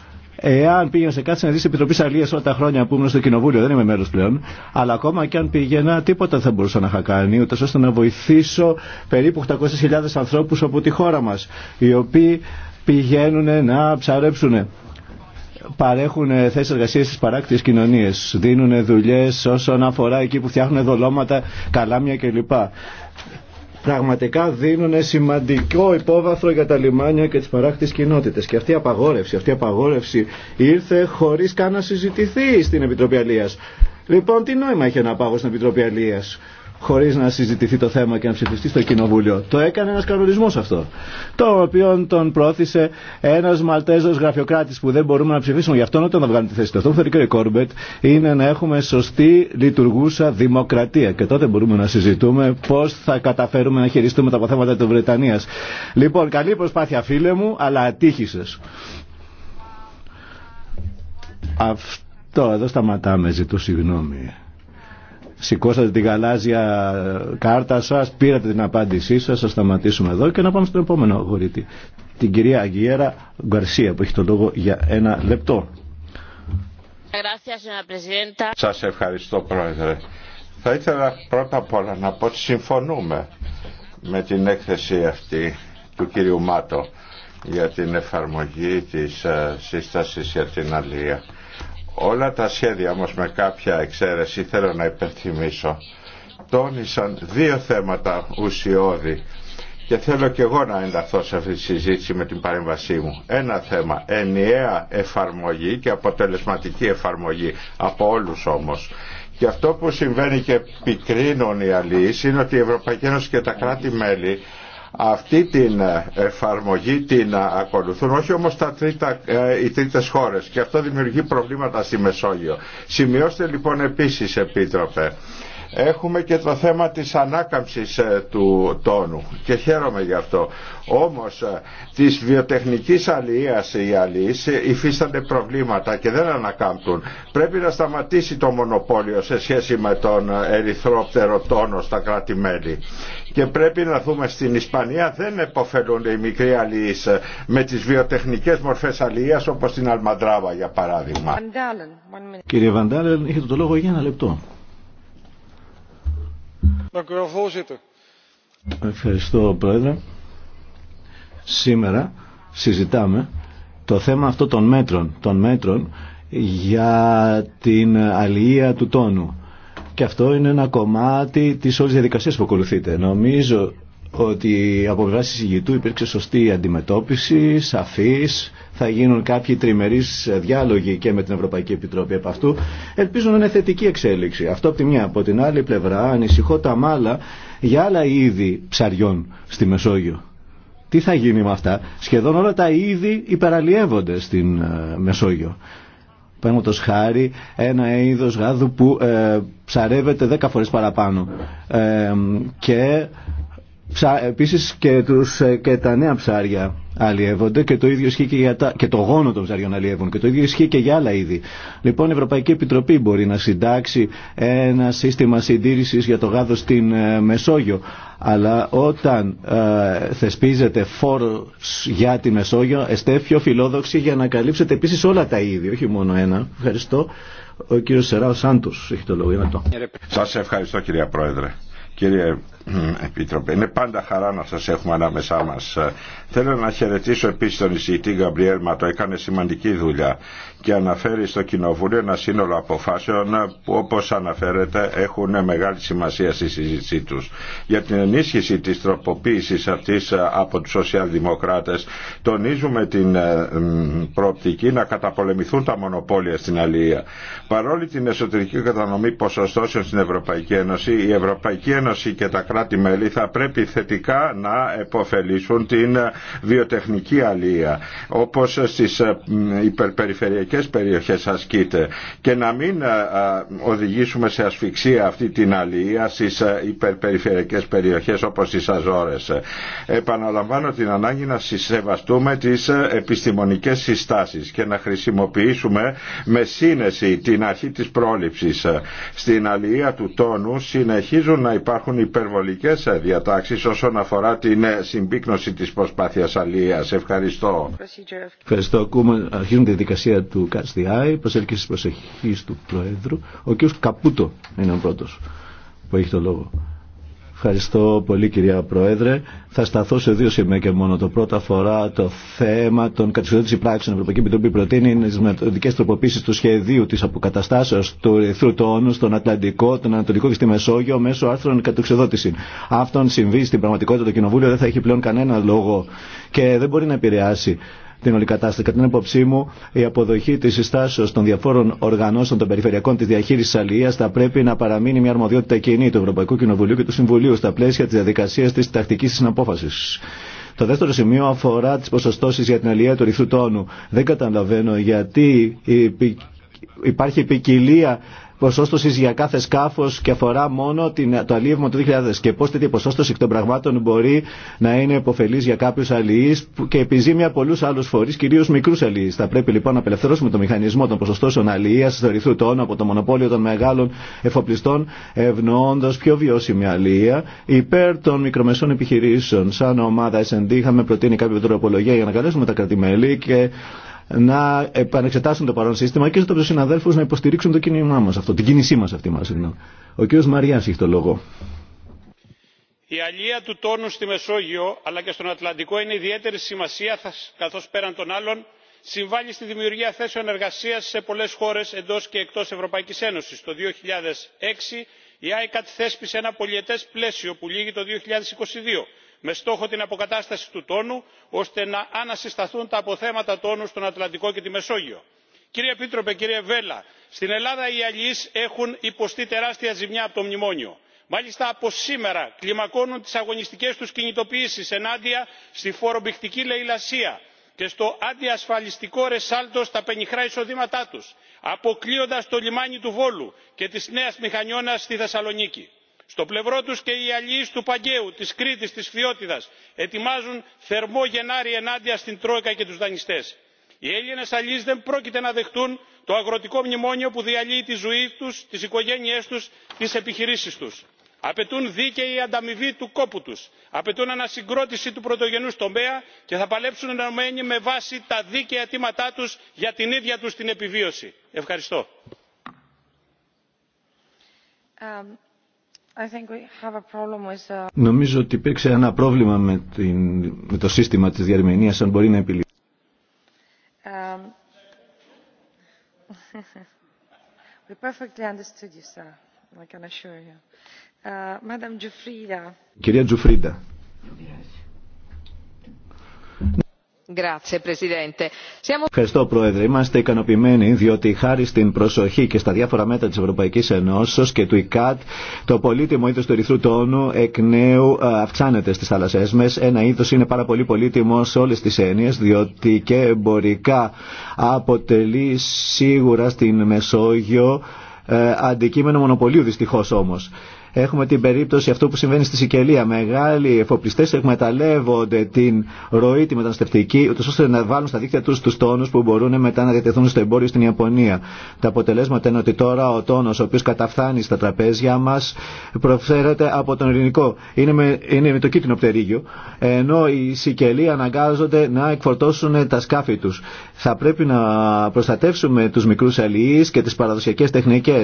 Εάν πήγαινα σε κάτι στην Επιτροπή Αλία όλα τα χρόνια που ήμουν στο Κοινοβούλιο, δεν είμαι μέλο πλέον, αλλά ακόμα και αν πήγαινα, τίποτα δεν θα μπορούσα να είχα κάνει, ούτε ώστε να βοηθήσω περίπου 800.000 ανθρώπου από τη χώρα μα, οι οποίοι πηγαίνουν να ψαρέψουν. Παρέχουν θέσει εργασία στι παράκτιε κοινωνίε. Δίνουν δουλειέ όσον αφορά εκεί που φτιάχνουν δολώματα, καλάμια κλπ. Πραγματικά δίνουν σημαντικό υπόβαθρο για τα λιμάνια και τι παράκτη κοινότητε. Και αυτή η απαγόρευση, αυτή η απαγόρευση ήρθε χωρί καν να συζητηθεί στην Επιτροπή Αλίας. Λοιπόν, τι νόημα είχε να πάω στην Επιτροπή Αλίας χωρίς να συζητηθεί το θέμα και να ψηφιστεί στο Κοινοβούλιο. Το έκανε ένας κανονισμός αυτό, το οποίο τον πρόθεσε ένας Μαλτέζος γραφειοκράτης που δεν μπορούμε να ψηφίσουμε γι' αυτόν όταν θα βγάλουμε τη θέση του. Αυτό που θέλει και ο Κόρμπετ είναι να έχουμε σωστή λειτουργούσα δημοκρατία και τότε μπορούμε να συζητούμε πώς θα καταφέρουμε να χειριστούμε τα αποθέματα της Βρετανίας. Λοιπόν, καλή προσπάθεια φίλε μου, αλλά ατύχησες. Αυτό εδώ σταματάμε, ζητώ συγγνώμη σηκώσατε τη γαλάζια κάρτα σας, πήρατε την απάντησή σας, θα σταματήσουμε εδώ και να πάμε στον επόμενο αγωρίτη. Την κυρία Αγιέρα Γκαρσία που έχει το λόγο για ένα λεπτό. Σας ευχαριστώ πρόεδρε. Θα ήθελα πρώτα απ' όλα να πω ότι συμφωνούμε με την έκθεση αυτή του κυρίου Μάτο για την εφαρμογή της ε, σύστασης για την αλία. Όλα τα σχέδια όμως με κάποια εξαίρεση θέλω να υπενθυμίσω τόνισαν δύο θέματα ουσιώδη και θέλω και εγώ να ενταχθώ σε αυτή τη συζήτηση με την παρέμβασή μου. Ένα θέμα, ενιαία εφαρμογή και αποτελεσματική εφαρμογή από όλους όμως. Και αυτό που συμβαίνει και πικρίνουν οι αλληλείς είναι ότι η Ευρωπαϊκή Ένωση και τα κράτη-μέλη αυτή την ε, εφαρμογή την ε, ακολουθούν, όχι όμως τα τρίτα, ε, οι τρίτες χώρες και αυτό δημιουργεί προβλήματα στη Μεσόγειο. Σημειώστε λοιπόν επίσης Επίτροπε έχουμε και το θέμα της ανάκαμψης ε, του τόνου και χαίρομαι γι' αυτό. Όμως ε, της βιοτεχνικής αλληλείας οι αλληλείς ε, υφίστανται προβλήματα και δεν ανακάμπτουν. Πρέπει να σταματήσει το μονοπόλιο σε σχέση με τον ερυθρόπτερο τόνο στα κράτη-μέλη. Και πρέπει να δούμε στην Ισπανία δεν επωφελούνται οι μικροί αλληλείς με τις βιοτεχνικές μορφές αλληλείας όπως την Αλμαντράβα για παράδειγμα. Κύριε Βαντάλεν, έχετε το λόγο για ένα λεπτό. Ευχαριστώ, Πρόεδρε. Σήμερα συζητάμε το θέμα αυτό των μέτρων, των μέτρων για την αλληλεία του τόνου. Και αυτό είναι ένα κομμάτι της όλης διαδικασίας που ακολουθείτε. Νομίζω ότι από πλευρά εισηγητού υπήρξε σωστή αντιμετώπιση, σαφής, θα γίνουν κάποιοι τριμερείς διάλογοι και με την Ευρωπαϊκή Επιτροπή από αυτού. Ελπίζω να είναι θετική εξέλιξη. Αυτό από τη μια. Από την άλλη πλευρά ανησυχώ τα μάλα για άλλα είδη ψαριών στη Μεσόγειο. Τι θα γίνει με αυτά. Σχεδόν όλα τα είδη υπεραλλιεύονται στην ε, Μεσόγειο. Παίρνω σχάρι ένα είδο γάδου που ε, ψαρεύεται 10 φορές παραπάνω ε, και Επίσης και, τους, ε, και τα νέα ψάρια αλλιεύονται και το ίδιο ισχύει και, για τα, και το γόνο των ψαριών αλλιεύουν και το ίδιο ισχύει και για άλλα είδη. Λοιπόν η Ευρωπαϊκή Επιτροπή μπορεί να συντάξει ένα σύστημα συντήρησης για το γάδο στην ε, Μεσόγειο αλλά όταν ε, θεσπίζεται φόρο για τη Μεσόγειο εστέ πιο φιλόδοξη για να καλύψετε επίσης όλα τα είδη, όχι μόνο ένα. Ευχαριστώ. Ο κύριος Σεράος Σάντου έχει το λόγο. Σας ευχαριστώ κυρία Πρόεδρε. Κύριε Επίτροπε. Είναι πάντα χαρά να σας έχουμε ανάμεσά μας. Ε, θέλω να χαιρετήσω επίσης τον εισηγητή Γκαμπριέλ το Έκανε σημαντική δουλειά και αναφέρει στο Κοινοβούλιο ένα σύνολο αποφάσεων που όπως αναφέρεται έχουν μεγάλη σημασία στη συζήτησή τους. Για την ενίσχυση της τροποποίησης αυτής ε, από τους σοσιαλδημοκράτες τονίζουμε την ε, προοπτική να καταπολεμηθούν τα μονοπόλια στην Αλία. Παρόλη την εσωτερική κατανομή ποσοστώσεων στην Ευρωπαϊκή Ένωση, η Ευρωπαϊκή Ένωση και τα θα πρέπει θετικά να επωφελήσουν την βιοτεχνική αλία όπως στις ε, υπερπεριφερειακές περιοχές ασκείται και να μην ε, ε, οδηγήσουμε σε ασφυξία αυτή την αλία στις υπερπεριφερειακές περιοχές όπως στις Αζόρες. Επαναλαμβάνω την ανάγκη να συσσεβαστούμε τις επιστημονικές συστάσεις και να χρησιμοποιήσουμε με σύνεση την αρχή της πρόληψης. Στην αλληλεία του τόνου συνεχίζουν να υπάρχουν υπερβολικές υπερβολικές διατάξεις όσον αφορά την συμπίκνωση της προσπάθειας αλίας. Ευχαριστώ. Ευχαριστώ. Αρχίζουμε τη δικασία του Catch the Eye, προσέλκυση προσεχής του Προέδρου. Ο κ. Καπούτο είναι ο πρώτος που έχει το λόγο. Ευχαριστώ πολύ κυρία Πρόεδρε. Θα σταθώ σε δύο σημεία και μόνο. Το πρώτο αφορά το θέμα των κατηγοριών πράξεων. Η Ευρωπαϊκή Επιτροπή προτείνει τι μεθοδικέ τροποποίησει του σχεδίου τη αποκαταστάσεω του ρηθρού τόνου στον Ατλαντικό, τον Ανατολικό και στη Μεσόγειο μέσω άρθρων κατοξιδότηση. Αυτόν συμβεί στην πραγματικότητα το Κοινοβούλιο δεν θα έχει πλέον κανένα λόγο και δεν μπορεί να επηρεάσει την όλη κατάσταση. Κατά την άποψή μου, η αποδοχή τη συστάσεω των διαφόρων οργανώσεων των περιφερειακών τη διαχείριση αλληλεία θα πρέπει να παραμείνει μια αρμοδιότητα κοινή του Ευρωπαϊκού Κοινοβουλίου και του Συμβουλίου στα πλαίσια τη διαδικασία τη τακτική συναπόφαση. Το δεύτερο σημείο αφορά τι ποσοστώσει για την αλληλεία του ρηθού τόνου. Δεν καταλαβαίνω γιατί υπάρχει ποικιλία ποσόστοση για κάθε σκάφο και αφορά μόνο την, το αλίευμα του 2000 και πώ τέτοια ποσόστοση εκ των πραγμάτων μπορεί να είναι υποφελή για κάποιου αλληλεί και επιζήμια πολλού άλλου φορεί, κυρίω μικρού αλληλεί. Θα πρέπει λοιπόν να απελευθερώσουμε το μηχανισμό των ποσοστώσεων αλληλεία θεωρηθού τόνο από το μονοπόλιο των μεγάλων εφοπλιστών, ευνοώντα πιο βιώσιμη αλληλεία υπέρ των μικρομεσών επιχειρήσεων. Σαν ομάδα SND είχαμε προτείνει κάποια τροπολογία για να καλέσουμε τα κρατημέλη και να επανεξετάσουν το παρόν σύστημα και στους συναδέλφους να υποστηρίξουν το κίνημά αυτό, την κίνησή μα αυτή μας. Ο κύριος Μαρία έχει το λόγο. Η αλία του τόνου στη Μεσόγειο αλλά και στον Ατλαντικό είναι ιδιαίτερη σημασία καθώ πέραν των άλλων συμβάλλει στη δημιουργία θέσεων εργασία σε πολλέ χώρε εντό και εκτό Ευρωπαϊκή Ένωση. Το 2006 η ΆΕΚΑΤ θέσπισε ένα πολιετές πλαίσιο που λύγει το 2022 με στόχο την αποκατάσταση του τόνου ώστε να ανασυσταθούν τα αποθέματα τόνου στον ατλαντικό και τη μεσόγειο. κύριε επίτροπε κύριε Βέλλα, στην ελλάδα οι αλληλείς έχουν υποστεί τεράστια ζημιά από το μνημόνιο. μάλιστα από σήμερα κλιμακώνουν τις αγωνιστικές τους κινητοποιήσεις ενάντια στη φορομπηχτική λαιλασία και στο αντιασφαλιστικό ρεσάλτο στα πενιχρά εισοδήματά τους αποκλείοντας το λιμάνι του βόλου και τη νέα μηχανιώνα στη θεσσαλονίκη στο πλευρό τους και οι αλλοί του παγκαίου της κρήτης της φθιώτιδας ετοιμάζουν θερμό γενάρη ενάντια στην τρόικα και τους δανειστές. οι έλληνες αλλοί δεν πρόκειται να δεχτούν το αγροτικό μνημόνιο που διαλύει τη ζωή τους τις οικογένειές τους τις επιχειρήσεις τους. απαιτούν δίκαιη ανταμοιβή του κόπου τους απαιτούν ανασυγκρότηση του πρωτογενούς τομέα και θα παλέψουν ενωμένοι με βάση τα δίκαια αιτήματά τους για την ίδια τους την επιβίωση. ευχαριστώ. Uh, Νομίζω ότι υπήρξε ένα πρόβλημα με, την, με το σύστημα της διαρμηνίας, αν μπορεί να επιλύσει. Κυρία Τζουφρίδα. Ευχαριστώ Πρόεδρε. Είμαστε ικανοποιημένοι διότι χάρη στην προσοχή και στα διάφορα μέτρα της Ευρωπαϊκής Ενώσεως και του ΙΚΑΤ το πολύτιμο είδος του ερυθρού τόνου εκ νέου ε, αυξάνεται στις θάλασσές μας. Ένα είδος είναι πάρα πολύ πολύτιμο σε όλες τις έννοιες διότι και εμπορικά αποτελεί σίγουρα στην Μεσόγειο ε, αντικείμενο μονοπωλίου δυστυχώς όμως. Έχουμε την περίπτωση αυτό που συμβαίνει στη Σικελία. Μεγάλοι εφοπλιστέ εκμεταλλεύονται την ροή τη μεταναστευτική, ούτω ώστε να βάλουν στα δίκτυα του του τόνου που μπορούν μετά να διατεθούν στο εμπόριο στην Ιαπωνία. Τα αποτελέσματα είναι ότι τώρα ο τόνο, ο οποίο καταφθάνει στα τραπέζια μα, προφέρεται από τον ελληνικό. Είναι με, το κίτρινο πτερίγιο. Ενώ οι Σικελοί αναγκάζονται να εκφορτώσουν τα σκάφη του. Θα πρέπει να προστατεύσουμε του μικρού αλληλεί και τι παραδοσιακέ τεχνικέ.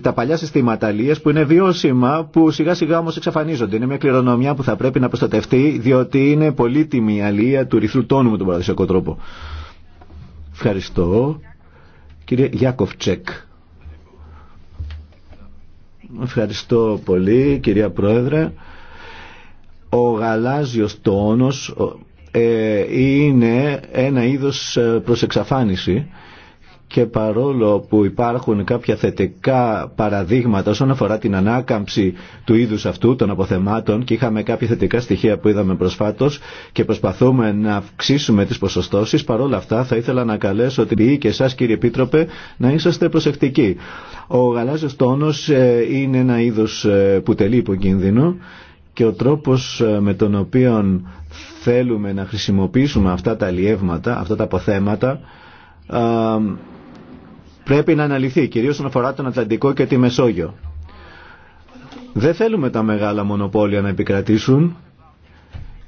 Τα παλιά συστήματα που είναι βιώσιμα που σιγά σιγά όμω εξαφανίζονται. Είναι μια κληρονομιά που θα πρέπει να προστατευτεί διότι είναι πολύτιμη η αλληλεία του ρυθμού τόνου με τον παραδοσιακό τρόπο. Ευχαριστώ. Κύριε Γιάκοφτσεκ. Ευχαριστώ πολύ κυρία Πρόεδρε. Ο γαλάζιος τόνος ε, είναι ένα είδος ε, προς εξαφάνιση και παρόλο που υπάρχουν κάποια θετικά παραδείγματα όσον αφορά την ανάκαμψη του είδους αυτού των αποθεμάτων και είχαμε κάποια θετικά στοιχεία που είδαμε προσφάτως και προσπαθούμε να αυξήσουμε τις ποσοστώσεις παρόλα αυτά θα ήθελα να καλέσω την ποιή και εσάς κύριε Επίτροπε να είσαστε προσεκτικοί. Ο γαλάζιος τόνος ε, είναι ένα είδος ε, που τελεί υποκίνδυνο και ο τρόπος ε, με τον οποίο θέλουμε να χρησιμοποιήσουμε αυτά τα αλλιεύματα, αυτά τα αποθέματα πρέπει να αναλυθεί, κυρίως όσον αφορά τον Ατλαντικό και τη Μεσόγειο. Δεν θέλουμε τα μεγάλα μονοπόλια να επικρατήσουν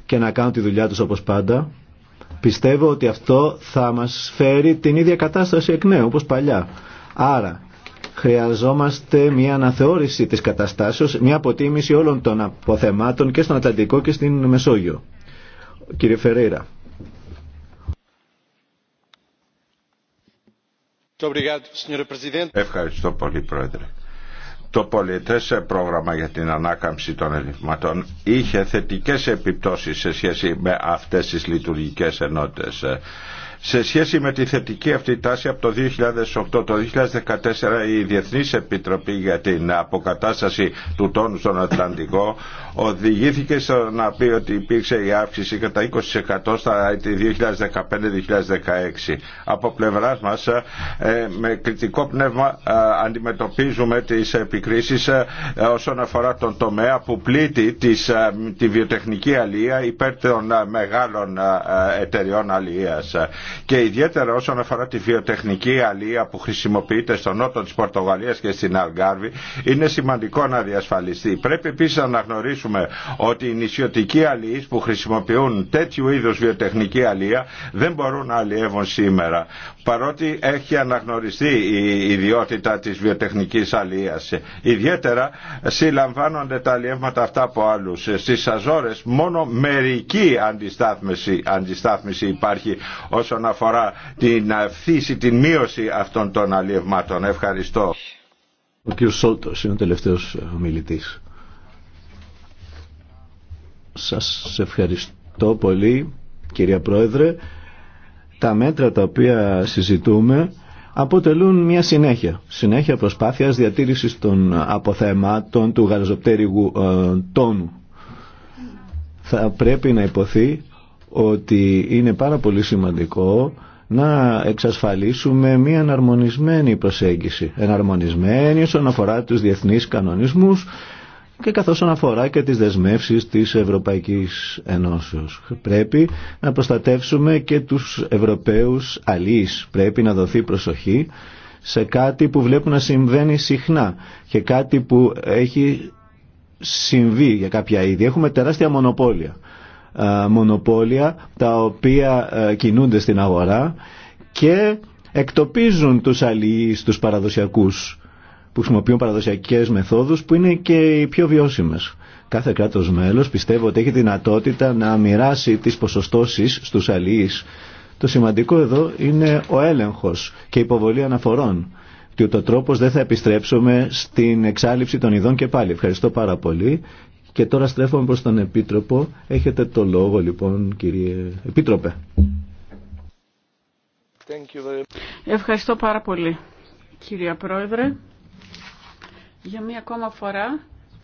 και να κάνουν τη δουλειά τους όπως πάντα. Πιστεύω ότι αυτό θα μας φέρει την ίδια κατάσταση εκ νέου, όπως παλιά. Άρα, χρειαζόμαστε μια αναθεώρηση της καταστάσεως, μια αποτίμηση όλων των αποθεμάτων και στον Ατλαντικό και στην Μεσόγειο. Κύριε Φερέιρα. Ευχαριστώ πολύ Πρόεδρε. Το πολιτές ε, πρόγραμμα για την ανάκαμψη των ελληνικών είχε θετικές επιπτώσεις σε σχέση με αυτές τις λειτουργικές ενότητες. Ε. Σε σχέση με τη θετική αυτή τάση από το 2008, το 2014 η Διεθνής Επιτροπή για την Αποκατάσταση του Τόνου στον Ατλαντικό οδηγήθηκε στο να πει ότι υπήρξε η αύξηση κατά 20% στα 2015-2016. Από πλευρά μα, ε, με κριτικό πνεύμα ε, αντιμετωπίζουμε τις επικρίσεις ε, όσον αφορά τον τομέα που πλήττει τη βιοτεχνική αλληλεία υπέρ των μεγάλων εταιριών αλληλείας. Και ιδιαίτερα όσον αφορά τη βιοτεχνική αλληλεία που χρησιμοποιείται στο νότο τη Πορτογαλίας και στην Αλγκάρβη είναι σημαντικό να διασφαλιστεί. Πρέπει επίσης να αναγνωρίσουμε ότι οι νησιωτικοί αλλήλει που χρησιμοποιούν τέτοιου είδου βιοτεχνική αλληλεία δεν μπορούν να αλλιεύουν σήμερα. Παρότι έχει αναγνωριστεί η ιδιότητα τη βιοτεχνική αλληλείας. Ιδιαίτερα συλλαμβάνονται τα αλλιεύματα αυτά από άλλου. Στι Αζόρε μόνο μερική αντιστάθμιση, υπάρχει όσον αφορά την αυθύση, την μείωση αυτών των αλλιευμάτων. Ευχαριστώ. Ο κ. Σόλτος είναι ο τελευταίος ομιλητής. Σας ευχαριστώ πολύ κυρία Πρόεδρε. Τα μέτρα τα οποία συζητούμε αποτελούν μια συνέχεια. Συνέχεια προσπάθειας διατήρησης των αποθεμάτων του γαλαζοπτέρυγου ε, τόνου. Θα πρέπει να υποθεί ότι είναι πάρα πολύ σημαντικό να εξασφαλίσουμε μια εναρμονισμένη προσέγγιση. Εναρμονισμένη όσον αφορά τους διεθνείς κανονισμούς και καθώς αναφορά και τις δεσμεύσεις της Ευρωπαϊκής Ενώσεως. Πρέπει να προστατεύσουμε και τους Ευρωπαίους αλείς. Πρέπει να δοθεί προσοχή σε κάτι που βλέπουν να συμβαίνει συχνά και κάτι που έχει συμβεί για κάποια είδη. Έχουμε τεράστια μονοπόλια. Μονοπόλια τα οποία ε, κινούνται στην αγορά και εκτοπίζουν τους αλληλείς, τους παραδοσιακούς που χρησιμοποιούν παραδοσιακέ μεθόδου, που είναι και οι πιο βιώσιμε. Κάθε κράτο μέλο πιστεύω ότι έχει δυνατότητα να μοιράσει τι ποσοστώσεις στους αλληλεί. Το σημαντικό εδώ είναι ο έλεγχο και η υποβολή αναφορών και ούτω τρόπο δεν θα επιστρέψουμε στην εξάλληψη των ειδών και πάλι. Ευχαριστώ πάρα πολύ. Και τώρα στρέφομαι προ τον Επίτροπο. Έχετε το λόγο λοιπόν κύριε Επίτροπε. Ευχαριστώ πάρα πολύ κύριε Πρόεδρε. Για μία ακόμα φορά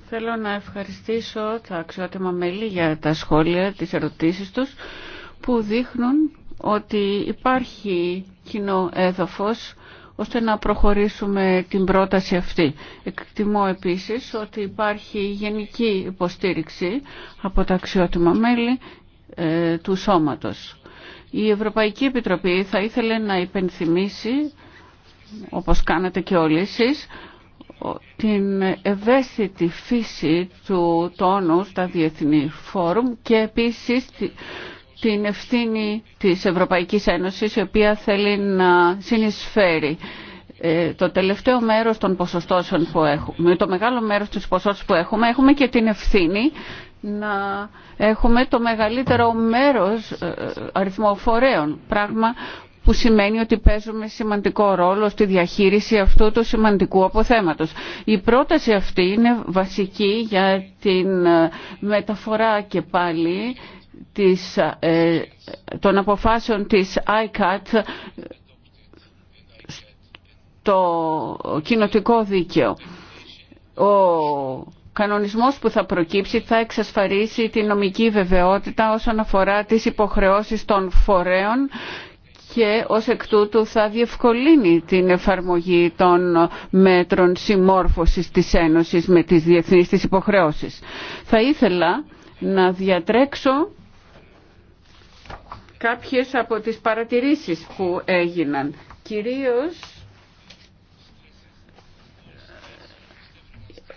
θέλω να ευχαριστήσω τα αξιότιμα μέλη για τα σχόλια, τις ερωτήσεις τους που δείχνουν ότι υπάρχει κοινό έδαφος ώστε να προχωρήσουμε την πρόταση αυτή. Εκτιμώ επίσης ότι υπάρχει γενική υποστήριξη από τα αξιότιμα μέλη ε, του σώματος. Η Ευρωπαϊκή Επιτροπή θα ήθελε να υπενθυμίσει, όπως κάνατε και όλοι εσείς, την ευαίσθητη φύση του τόνου στα διεθνή φόρουμ και επίσης την ευθύνη της Ευρωπαϊκής Ένωσης η οποία θέλει να συνεισφέρει ε, το τελευταίο μέρος των ποσοστώσεων που έχουμε, το μεγάλο μέρος της ποσότητας που έχουμε, έχουμε και την ευθύνη να έχουμε το μεγαλύτερο μέρος ε, αριθμοφορέων, πράγμα που σημαίνει ότι παίζουμε σημαντικό ρόλο στη διαχείριση αυτού του σημαντικού αποθέματος. Η πρόταση αυτή είναι βασική για την ε, μεταφορά και πάλι ε, των αποφάσεων της ICAT το κοινοτικό δίκαιο. Ο κανονισμός που θα προκύψει θα εξασφαλίσει την νομική βεβαιότητα όσον αφορά τις υποχρεώσεις των φορέων και ως εκ τούτου θα διευκολύνει την εφαρμογή των μέτρων συμμόρφωσης της Ένωσης με τις διεθνείς της υποχρεώσεις. Θα ήθελα να διατρέξω κάποιες από τις παρατηρήσεις που έγιναν. Κυρίως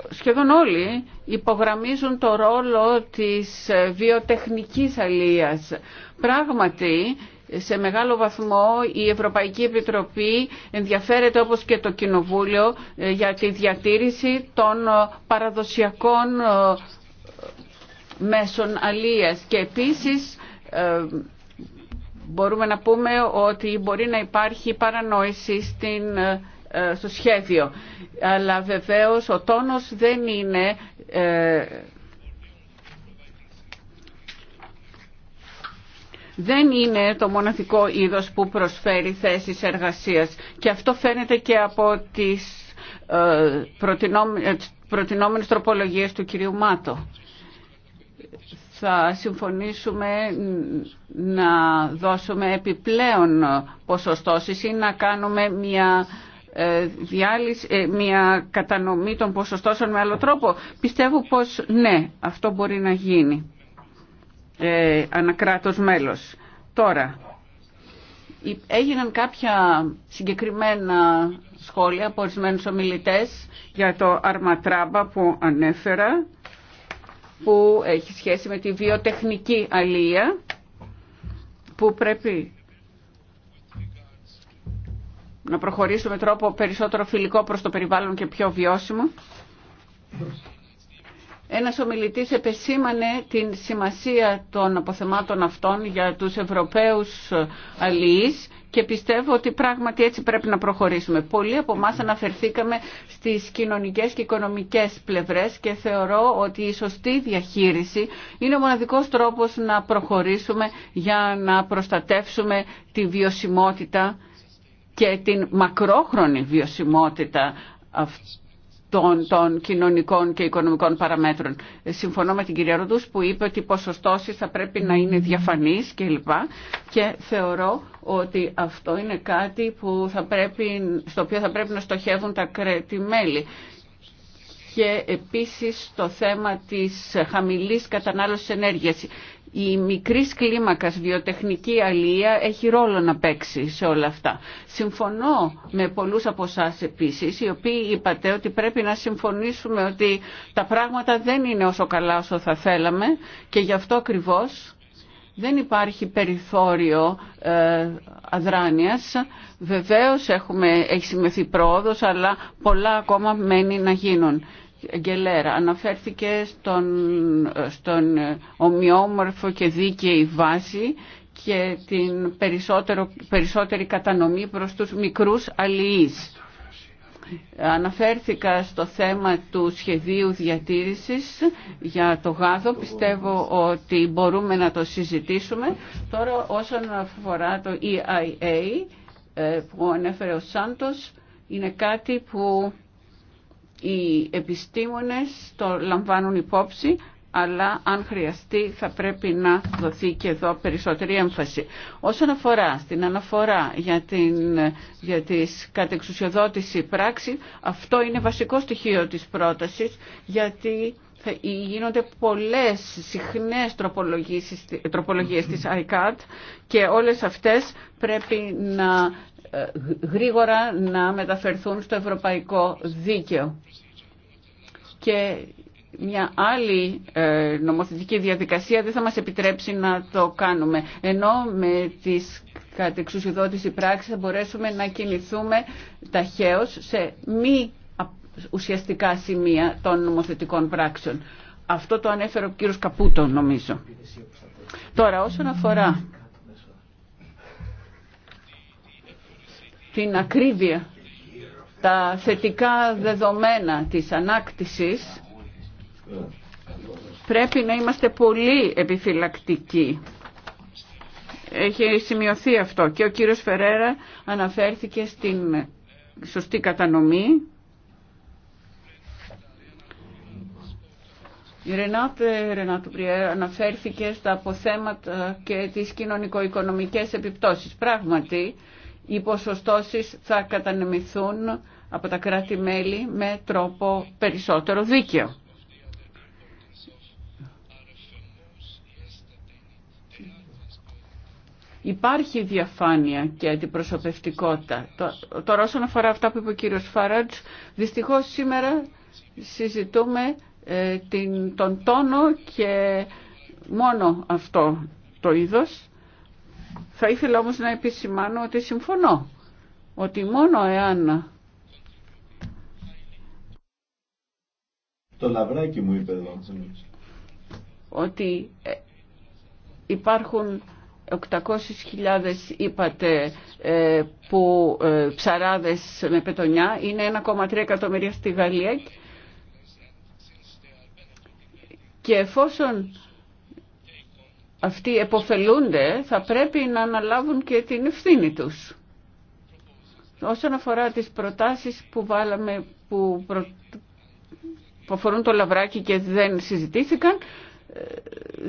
σχεδόν όλοι υπογραμμίζουν το ρόλο της βιοτεχνικής αλίας. Πράγματι, σε μεγάλο βαθμό η Ευρωπαϊκή Επιτροπή ενδιαφέρεται όπως και το Κοινοβούλιο ε, για τη διατήρηση των ε, παραδοσιακών ε, μέσων αλίας και επίσης μπορούμε να πούμε ότι μπορεί να υπάρχει παρανόηση στην, στο σχέδιο αλλά βεβαίως ο τόνος δεν είναι δεν είναι το μοναδικό είδος που προσφέρει θέσεις εργασίας και αυτό φαίνεται και από τις ε, ε, προτινόμενες τροπολογίες του κυρίου Μάτο. Θα συμφωνήσουμε να δώσουμε επιπλέον ποσοστώσεις ή να κάνουμε μια ε, μια κατανομή των ποσοστώσεων με άλλο τρόπο. Πιστεύω πως ναι, αυτό μπορεί να γίνει ε, ανακράτος μέλος. Τώρα, έγιναν κάποια συγκεκριμένα σχόλια από ορισμένου ομιλητέ για το αρματράμπα που ανέφερα, που έχει σχέση με τη βιοτεχνική αλία, που πρέπει να προχωρήσουμε τρόπο περισσότερο φιλικό προς το περιβάλλον και πιο βιώσιμο ένας ομιλητής επεσήμανε την σημασία των αποθεμάτων αυτών για τους Ευρωπαίους αλληλείς και πιστεύω ότι πράγματι έτσι πρέπει να προχωρήσουμε. Πολλοί από εμά αναφερθήκαμε στις κοινωνικές και οικονομικές πλευρές και θεωρώ ότι η σωστή διαχείριση είναι ο μοναδικός τρόπος να προχωρήσουμε για να προστατεύσουμε τη βιωσιμότητα και την μακρόχρονη βιωσιμότητα των, των κοινωνικών και οικονομικών παραμέτρων. Ε, συμφωνώ με την κυρία Ροδούς που είπε ότι οι ποσοστώσει θα πρέπει να είναι διαφανείς κλπ. Και θεωρώ ότι αυτό είναι κάτι που θα πρέπει, στο οποίο θα πρέπει να στοχεύουν τα κρέτη μελη και επίσης το θέμα της χαμηλής κατανάλωσης ενέργειας. Η μικρή κλίμακας βιοτεχνική αλία έχει ρόλο να παίξει σε όλα αυτά. Συμφωνώ με πολλούς από εσά επίσης, οι οποίοι είπατε ότι πρέπει να συμφωνήσουμε ότι τα πράγματα δεν είναι όσο καλά όσο θα θέλαμε και γι' αυτό ακριβώς δεν υπάρχει περιθώριο ε, αδράνειας. Βεβαίως έχουμε, έχει σημειωθεί πρόοδος, αλλά πολλά ακόμα μένει να γίνουν αναφέρθηκε στον, στον ομοιόμορφο και δίκαιη βάση και την περισσότερη κατανομή προς τους μικρούς αλληλείς. Αναφέρθηκα στο θέμα του σχεδίου διατήρησης για το γάδο. Πιστεύω ότι μπορούμε να το συζητήσουμε. Τώρα όσον αφορά το EIA ε, που ανέφερε ο Σάντος, είναι κάτι που οι επιστήμονες το λαμβάνουν υπόψη αλλά αν χρειαστεί θα πρέπει να δοθεί και εδώ περισσότερη έμφαση. Όσον αφορά στην αναφορά για, την, για τις κατεξουσιοδότηση πράξη, αυτό είναι βασικό στοιχείο της πρότασης, γιατί θα γίνονται πολλές συχνές τροπολογίες, της ICAT και όλες αυτές πρέπει να ε, γρήγορα να μεταφερθούν στο ευρωπαϊκό δίκαιο και μια άλλη ε, νομοθετική διαδικασία δεν θα μας επιτρέψει να το κάνουμε. Ενώ με τις κατεξουσιοδότηση πράξη θα μπορέσουμε να κινηθούμε ταχαίως σε μη ουσιαστικά σημεία των νομοθετικών πράξεων. Αυτό το ανέφερε ο κύριος Καπούτο νομίζω. Τώρα όσον αφορά την ακρίβεια τα θετικά δεδομένα της ανάκτησης πρέπει να είμαστε πολύ επιφυλακτικοί. Έχει σημειωθεί αυτό και ο κύριος Φερέρα αναφέρθηκε στην σωστή κατανομή. Η Ρενάτε Ρενάτου αναφέρθηκε στα αποθέματα και τις κοινωνικο-οικονομικές επιπτώσεις. Πράγματι, οι ποσοστώσεις θα κατανεμηθούν από τα κράτη-μέλη με τρόπο περισσότερο δίκαιο. Υπάρχει διαφάνεια και αντιπροσωπευτικότητα. Τώρα όσον αφορά αυτά που είπε ο κύριος Φάραντς, δυστυχώς σήμερα συζητούμε ε, την, τον τόνο και μόνο αυτό το είδος θα ήθελα όμως να επισημάνω ότι συμφωνώ ότι μόνο εάν Το λαβράκι μου είπε εδώ. Ότι ε, υπάρχουν 800.000 είπατε ε, που ε, ψαράδες με πετονιά είναι 1,3 εκατομμύρια στη Γαλλία και εφόσον αυτοί εποφελούνται θα πρέπει να αναλάβουν και την ευθύνη τους. Όσον αφορά τις προτάσεις που βάλαμε που, που αφορούν το λαβράκι και δεν συζητήθηκαν, ε,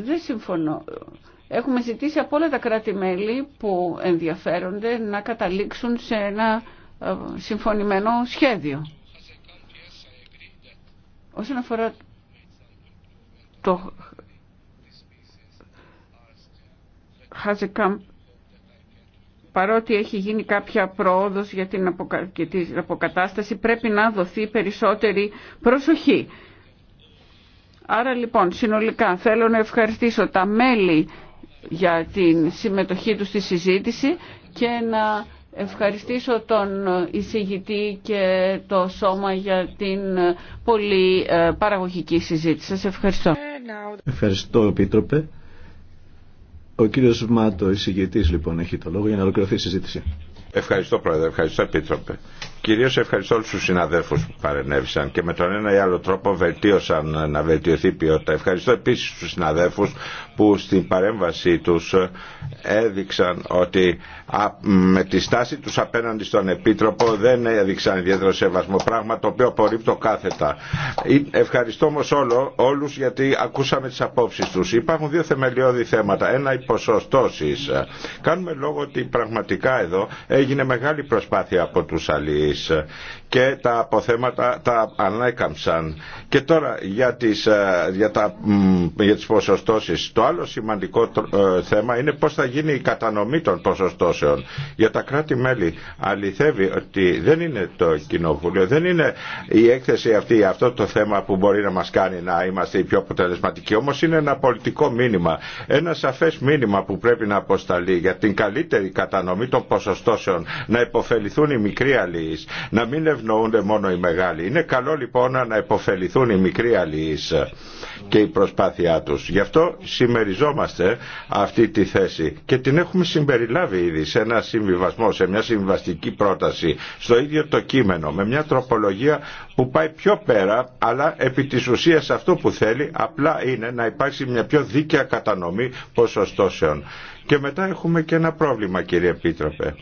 δεν συμφωνώ. Έχουμε ζητήσει από όλα τα κράτη-μέλη που ενδιαφέρονται να καταλήξουν σε ένα ε, συμφωνημένο σχέδιο. Όσον αφορά το παρότι έχει γίνει κάποια πρόοδος για την αποκατάσταση πρέπει να δοθεί περισσότερη προσοχή. Άρα λοιπόν συνολικά θέλω να ευχαριστήσω τα μέλη για την συμμετοχή τους στη συζήτηση και να ευχαριστήσω τον εισηγητή και το σώμα για την πολύ ε, παραγωγική συζήτηση. Σας ευχαριστώ. Ευχαριστώ Επίτροπε. Ο κύριο Μάτο, εισηγητή, λοιπόν, έχει το λόγο για να ολοκληρωθεί η συζήτηση. Ευχαριστώ πρόεδρε, ευχαριστώ επίτροπε. Κυρίως ευχαριστώ όλους τους συναδέλφους που παρενέβησαν και με τον ένα ή άλλο τρόπο βελτίωσαν να βελτιωθεί η ποιότητα. Ευχαριστώ επίσης τους συναδέλφους που στην παρέμβασή τους έδειξαν ότι με τη στάση τους απέναντι στον Επίτροπο δεν έδειξαν ιδιαίτερο σεβασμό, πράγμα το οποίο απορρίπτω κάθετα. Ε, ευχαριστώ όμως όλο, όλους γιατί ακούσαμε τις απόψεις τους. Υπάρχουν δύο θεμελιώδη θέματα. Ένα οι ποσοστώσεις. Κάνουμε λόγο ότι πραγματικά εδώ έγινε μεγάλη προσπάθεια από τους αλλοί και τα αποθέματα τα ανέκαμψαν. Και τώρα για τις, ε, για τα, για τις ποσοστώσεις. Το άλλο σημαντικό ε, θέμα είναι πώς θα γίνει η κατανομή των ποσοστώσεων. Για τα κράτη-μέλη αληθεύει ότι δεν είναι το Κοινοβούλιο, δεν είναι η έκθεση αυτή, αυτό το θέμα που μπορεί να μας κάνει να είμαστε οι πιο αποτελεσματικοί. Όμως είναι ένα πολιτικό μήνυμα, ένα σαφές μήνυμα που πρέπει να αποσταλεί για την καλύτερη κατανομή των ποσοστώσεων, να υποφεληθούν οι μικροί αλληλοί να μην ευνοούνται μόνο οι μεγάλοι. Είναι καλό λοιπόν να υποφεληθούν οι μικροί αλληλείς και η προσπάθειά τους. Γι' αυτό συμμεριζόμαστε αυτή τη θέση και την έχουμε συμπεριλάβει ήδη σε ένα συμβιβασμό, σε μια συμβιβαστική πρόταση, στο ίδιο το κείμενο, με μια τροπολογία που πάει πιο πέρα, αλλά επί της ουσίας αυτό που θέλει απλά είναι να υπάρξει μια πιο δίκαια κατανομή ποσοστώσεων. Και μετά έχουμε και ένα πρόβλημα κύριε Επίτροπε.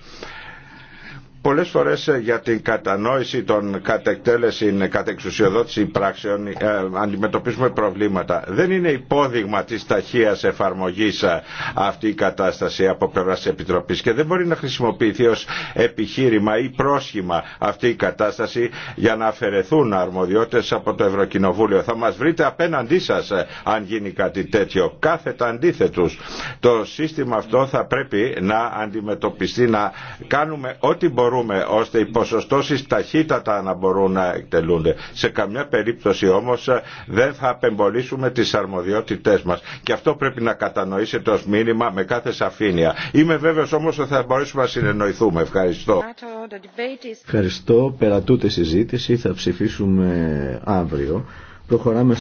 Πολλές φορές ε, για την κατανόηση των κατεκτέλεση, ε, κατεξουσιοδότηση πράξεων ε, αντιμετωπίζουμε προβλήματα. Δεν είναι υπόδειγμα της ταχείας εφαρμογής αυτή η κατάσταση από πλευρά της Επιτροπής και δεν μπορεί να χρησιμοποιηθεί ως επιχείρημα ή πρόσχημα αυτή η κατάσταση για να αφαιρεθούν αρμοδιότητες από το Ευρωκοινοβούλιο. Θα μας βρείτε απέναντί σας αν γίνει κάτι τέτοιο. Κάθετα αντίθετους. Το σύστημα αυτό θα πρέπει να αντιμετωπιστεί, να κάνουμε ό,τι μπορούμε μπορούμε ώστε οι ποσοστώσεις ταχύτατα να μπορούν να εκτελούνται. Σε καμιά περίπτωση όμως ε, δεν θα απεμπολίσουμε τις αρμοδιότητές μας και αυτό πρέπει να κατανοήσετε ως μήνυμα με κάθε σαφήνεια. Είμαι βέβαιος όμως ότι θα μπορέσουμε να συνεννοηθούμε. Ευχαριστώ. Ευχαριστώ. Περατούτε συζήτηση. Θα ψηφίσουμε αύριο. Προχωράμε